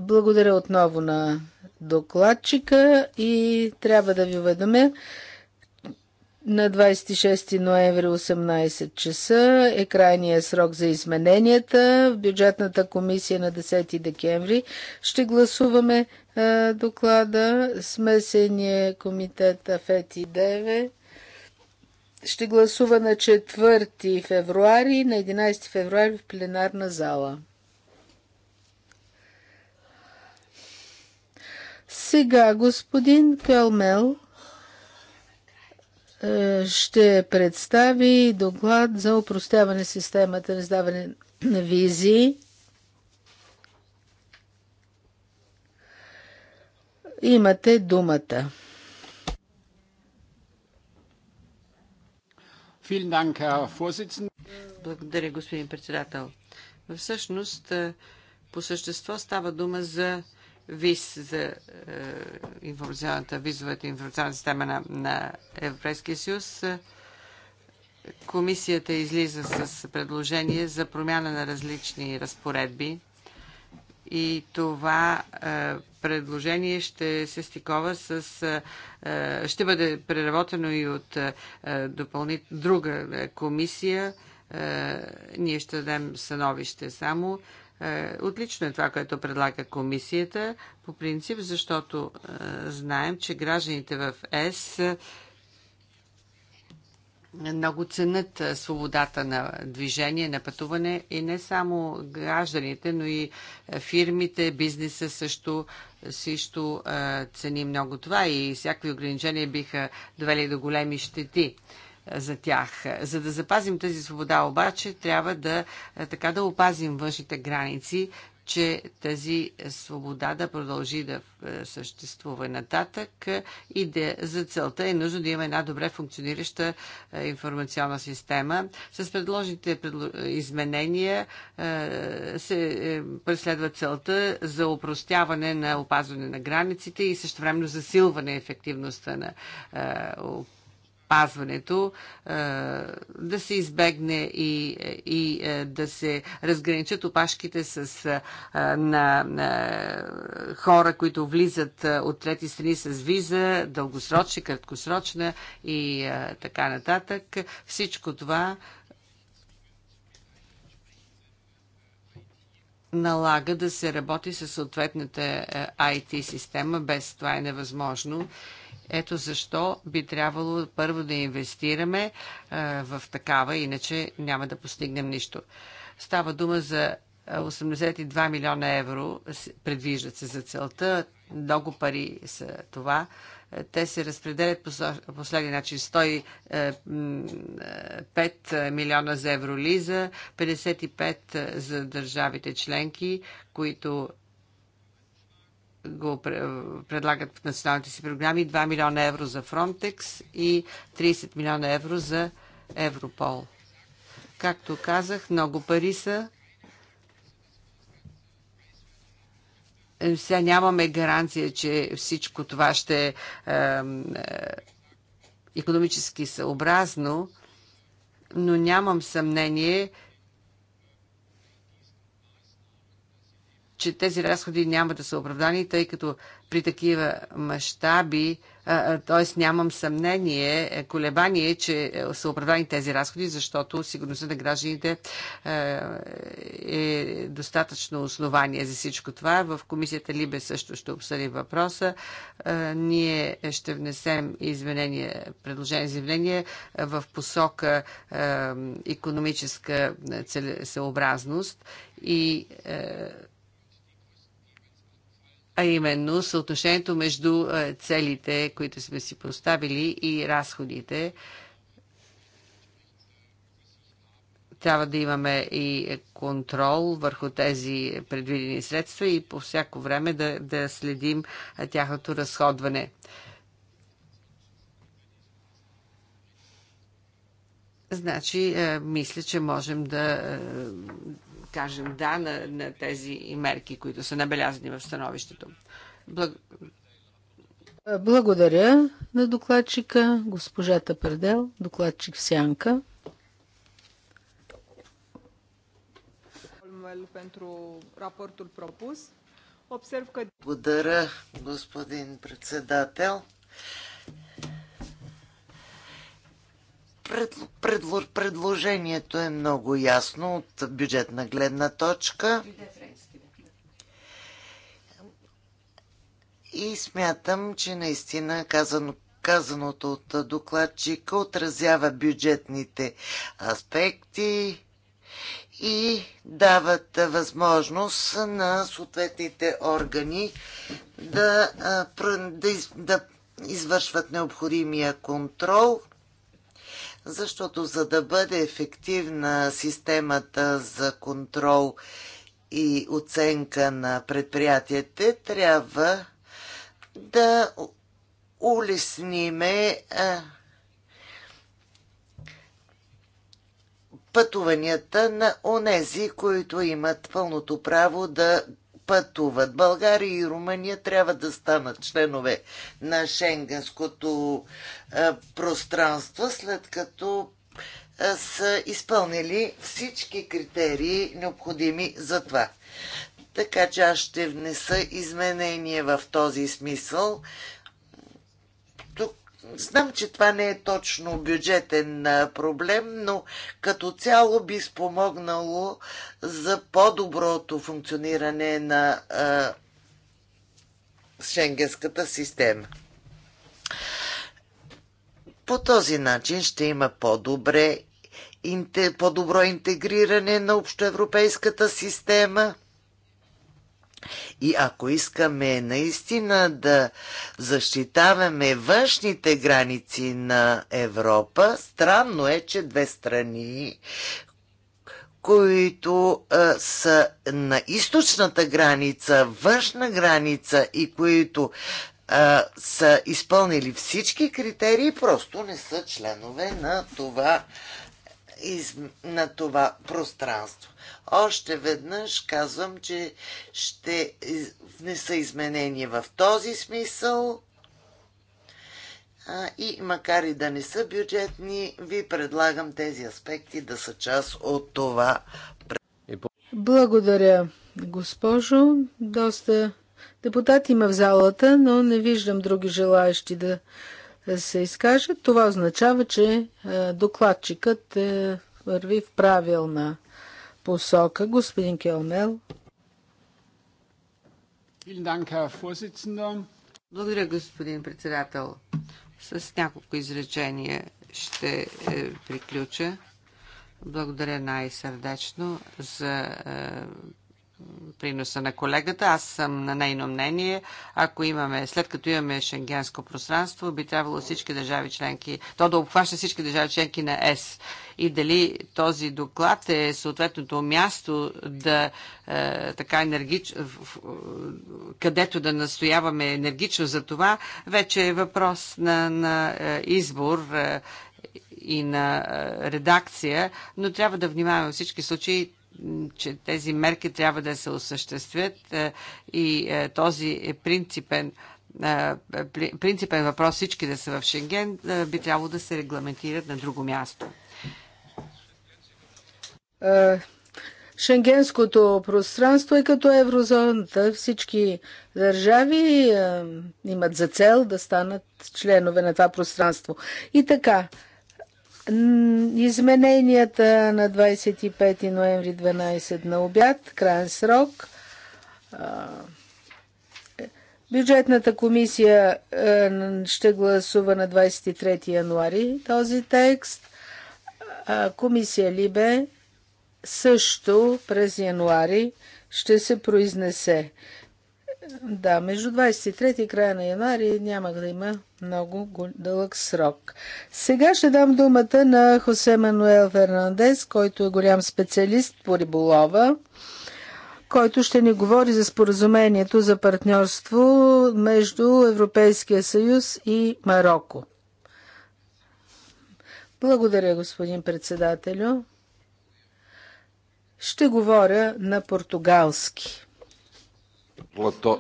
благодаря отново на докладчика и трябва да ви уведомя, на 26 ноември 18 часа е крайният срок за измененията. В бюджетната комисия на 10 декември ще гласуваме е, доклада. Смесения комитет Афети и ще гласува на 4 февруари, на 11 февруари в пленарна зала. Сега господин Кълмел е, ще представи доклад за упростяване системата на издаване на визи. Имате думата. Благодаря, господин председател. Всъщност, е, по същество става дума за виз за е, информационната, визовата информационна система на, на Европейския съюз. Комисията излиза с предложение за промяна на различни разпоредби и това е, предложение ще се стикова с... Е, е ще бъде преработено и от е, допълнит, друга комисия. Е, ние ще дадем съновище само. Е, е, отлично е това, което предлага комисията по принцип, защото е, знаем, че гражданите в ЕС е, много ценят свободата на движение, на пътуване и не само гражданите, но и фирмите, бизнеса също също цени много това и всякакви ограничения биха довели до големи щети за тях. За да запазим тази свобода обаче, трябва да, е, така да опазим външните граници, че тази свобода да продължи да е, съществува нататък и да, за целта е нужно да има една добре функционираща е, информационна система. С предложените изменения се преследва целта за упростяване на опазване на границите и също времено засилване ефективността на здравеопазването, да се избегне и, и да се разграничат опашките с, на, на хора, които влизат от трети страни с виза, дългосрочна, краткосрочна и така нататък. Всичко това налага да се работи със съответната IT система. Без това е невъзможно. Ето защо би трябвало първо да инвестираме е, в такава, иначе няма да постигнем нищо. Става дума за 82 е, милиона евро предвиждат се за целта. Много пари са това. Е, те се разпределят по последния начин. 105 милиона за Евролиза, 55 за държавите членки, които го предлагат в националните си програми 2 милиона евро за Фронтекс и 30 милиона евро за Европол. Както казах, много пари са. Е, сега нямаме гаранция, че всичко това ще е, е, економически съобразно, но нямам съмнение, че тези разходи няма да са оправдани, тъй като при такива мащаби, т.е. нямам съмнение, е, колебание, че е, са оправдани тези разходи, защото сигурността на гражданите е, е достатъчно основание за всичко това. В комисията Либе също ще обсъди въпроса. Ние ще внесем изменение, предложение за изменение в посока економическа целесъобразност и а именно съотношението между е, целите, които сме си поставили и разходите. Трябва да имаме и контрол върху тези предвидени средства и по всяко време да, да следим е, тяхното разходване. Значи, е, мисля, че можем да кажем да на, на тези мерки, които са набелязани в становището. Благ... Благодаря на докладчика, госпожата Предел, докладчик Сянка. Благодаря, господин председател. Пред, предло, предложението е много ясно от бюджетна гледна точка. И смятам, че наистина казано, казаното от докладчика отразява бюджетните аспекти и дават възможност на съответните органи да, да, да извършват необходимия контрол – защото за да бъде ефективна системата за контрол и оценка на предприятията, трябва да улесниме пътуванията на онези, които имат пълното право да пътуват. България и Румъния трябва да станат членове на Шенгенското е, пространство, след като е, са изпълнили всички критерии, необходими за това. Така че аз ще внеса изменения в този смисъл Знам, че това не е точно бюджетен проблем, но като цяло би спомогнало за по-доброто функциониране на а, шенгенската система. По този начин ще има по-добре, по-добро интегриране на общоевропейската система и ако искаме наистина да защитаваме външните граници на Европа, странно е, че две страни, които а, са на източната граница, външна граница и които а, са изпълнили всички критерии, просто не са членове на това из, на това пространство. Още веднъж казвам, че ще внеса изменения в този смисъл а, и макар и да не са бюджетни, ви предлагам тези аспекти да са част от това. Благодаря, госпожо. Доста депутати има в залата, но не виждам други желаящи да се изкажат, това означава, че докладчикът е върви в правилна посока. Господин Келмел. Благодаря, господин председател. С няколко изречения ще е, приключа. Благодаря най-сърдечно за е, приноса на колегата. Аз съм на нейно мнение. Ако имаме, след като имаме шенгенско пространство, би трябвало всички държави членки, то да обхваща всички държави членки на ЕС. И дали този доклад е съответното място да е, така енергично, където да настояваме енергично за това, вече е въпрос на, на е, избор е, и на е, редакция, но трябва да внимаваме всички случаи че тези мерки трябва да се осъществят е, и е, този е принципен, принципен въпрос всички да са в Шенген би трябвало да се регламентират на друго място. Шенгенското пространство е като еврозоната. Всички държави имат за цел да станат членове на това пространство. И така, Измененията на 25 ноември 12 на обяд, крайен срок. Бюджетната комисия е, ще гласува на 23 януари този текст. Комисия Либе също през януари ще се произнесе. Да, между 23 и края на януари няма да има много дълъг срок. Сега ще дам думата на Хосе Мануел Фернандес, който е голям специалист по риболова, който ще ни говори за споразумението за партньорство между Европейския съюз и Марокко. Благодаря, господин председателю. Ще говоря на португалски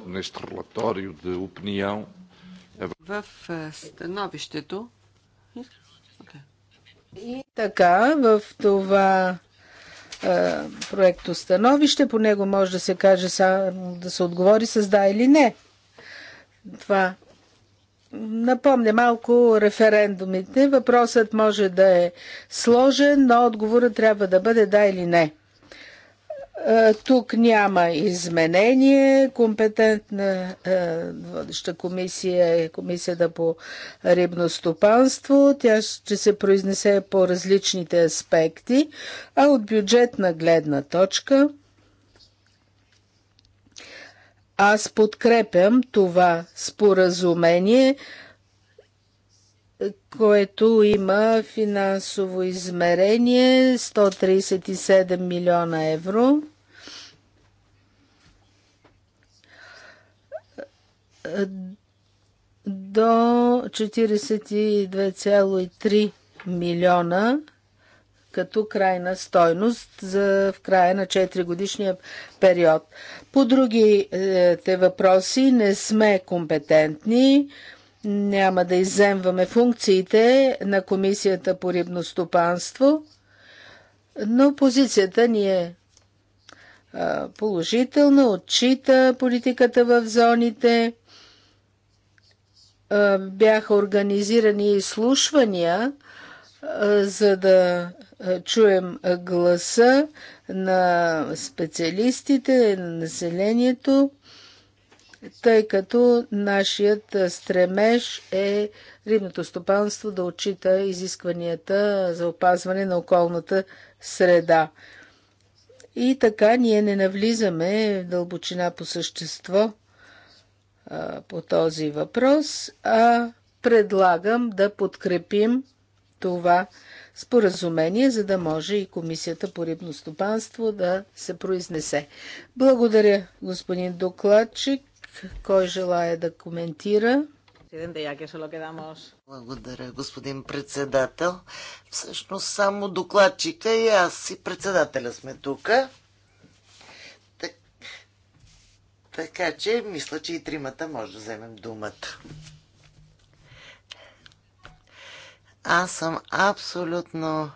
neste relatório de opinião. В е, становището. И така, в това е, проекто становище, по него може да се каже да се отговори с да или не. Това напомня малко референдумите. Въпросът може да е сложен, но отговорът трябва да бъде да или не. Е, тук няма изменение. Компетентна е, водеща комисия е комисията по рибно стопанство. Тя ще се произнесе по различните аспекти, а от бюджетна гледна точка аз подкрепям това споразумение което има финансово измерение 137 милиона евро. до 42,3 милиона като крайна стойност за в края на 4 годишния период. По другите е, въпроси не сме компетентни. Няма да иземваме функциите на Комисията по рибно стопанство, но позицията ни е положителна, отчита политиката в зоните. Бяха организирани изслушвания, за да чуем гласа на специалистите, на населението тъй като нашият стремеж е рибното стопанство да отчита изискванията за опазване на околната среда. И така ние не навлизаме в дълбочина по същество а, по този въпрос, а предлагам да подкрепим това споразумение, за да може и Комисията по рибно стопанство да се произнесе. Благодаря, господин докладчик. Кой желая да коментира? Благодаря, господин председател. Всъщност само докладчика и аз и председателя сме тук. Так... Така че мисля, че и тримата може да вземем думата. Аз съм абсолютно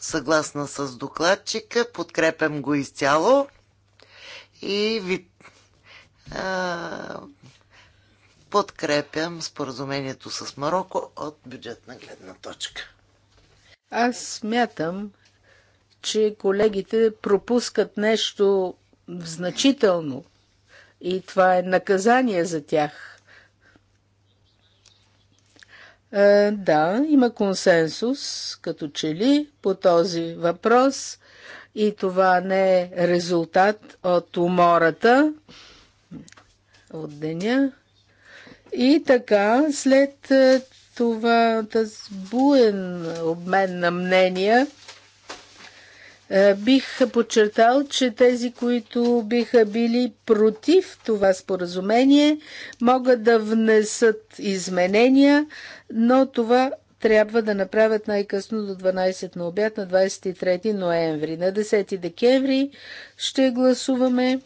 съгласна с докладчика, подкрепям го изцяло и ви подкрепям споразумението с Марокко от бюджетна гледна точка. Аз смятам, че колегите пропускат нещо значително и това е наказание за тях. Е, да, има консенсус, като че ли, по този въпрос и това не е резултат от умората, от деня. И така, след е, това тази буен обмен на мнения, е, бих подчертал, че тези, които биха били против това споразумение, могат да внесат изменения, но това трябва да направят най-късно до 12 на обяд на 23 ноември. На 10 декември ще гласуваме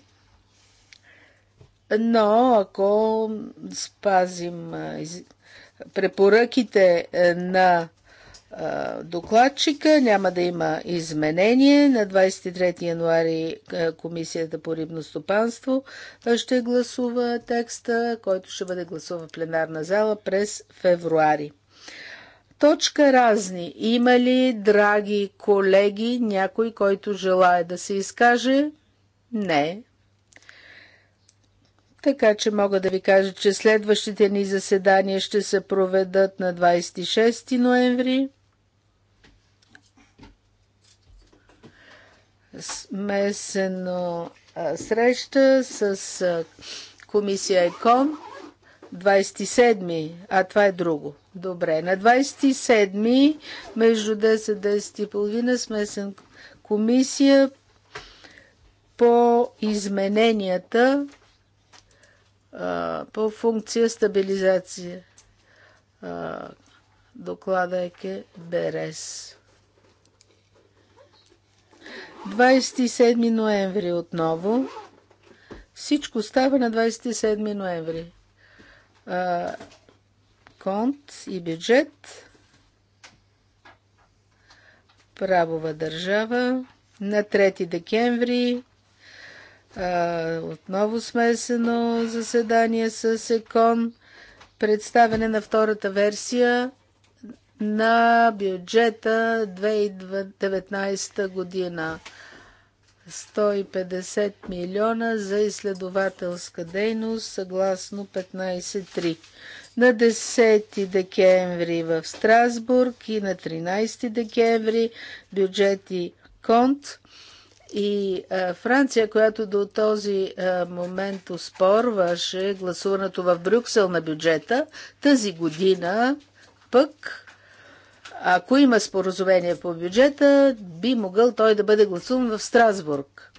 но ако спазим препоръките е, на докладчика, няма да има изменение. На 23 януари е, Комисията по рибно стопанство ще гласува текста, който ще бъде гласува в пленарна зала през февруари. Точка разни. Има ли, драги колеги, някой, който желая да се изкаже? Не, така че мога да ви кажа, че следващите ни заседания ще се проведат на 26 ноември. Смесено среща с комисия ЕКОН 27, а това е друго. Добре, на 27 между 10 10 и половина смесен комисия по измененията по функция стабилизация. Доклада е ке Берес. 27 ноември отново. Всичко става на 27 ноември. Конт и бюджет. Правова държава. На 3 декември отново смесено заседание с ЕКОН. Представяне на втората версия на бюджета 2019 година. 150 милиона за изследователска дейност съгласно 15.3. На 10 декември в Страсбург и на 13 декември бюджети Конт и а, е, Франция, която до този а, е, момент успорваше гласуването в Брюксел на бюджета, тази година пък, ако има споразумение по бюджета, би могъл той да бъде гласуван в Страсбург.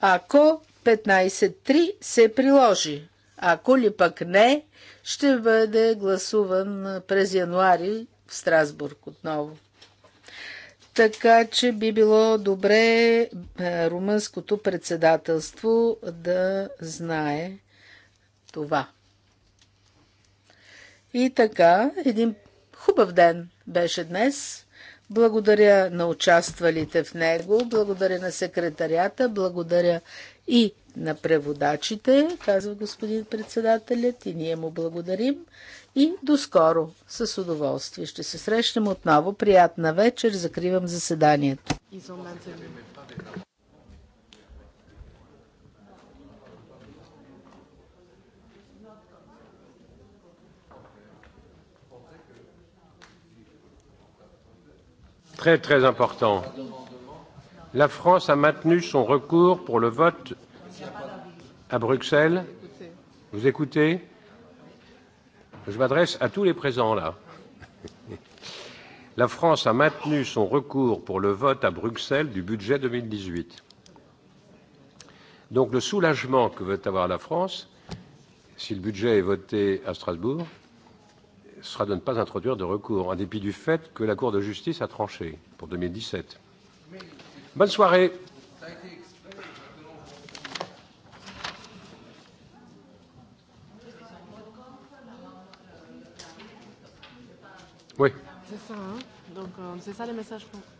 Ако 15.3 се приложи, ако ли пък не, ще бъде гласуван през януари в Страсбург отново. Така че би било добре е, румънското председателство да знае това. И така, един хубав ден беше днес. Благодаря на участвалите в него, благодаря на секретарята, благодаря и на преводачите, казва господин председателят, и ние му благодарим. И до скоро. с удоволствие. Ще се срещнем отново. Приятна вечер. Закривам заседанието. très très important. La France a maintenu son recours pour le vote à Bruxelles. Vous écoutez je m'adresse à tous les présents là. La France a maintenu son recours pour le vote à Bruxelles du budget 2018. Donc le soulagement que veut avoir la France, si le budget est voté à Strasbourg, sera de ne pas introduire de recours, en dépit du fait que la Cour de justice a tranché pour 2017. Bonne soirée. Oui. C'est ça, hein Donc euh, c'est ça les messages qu'on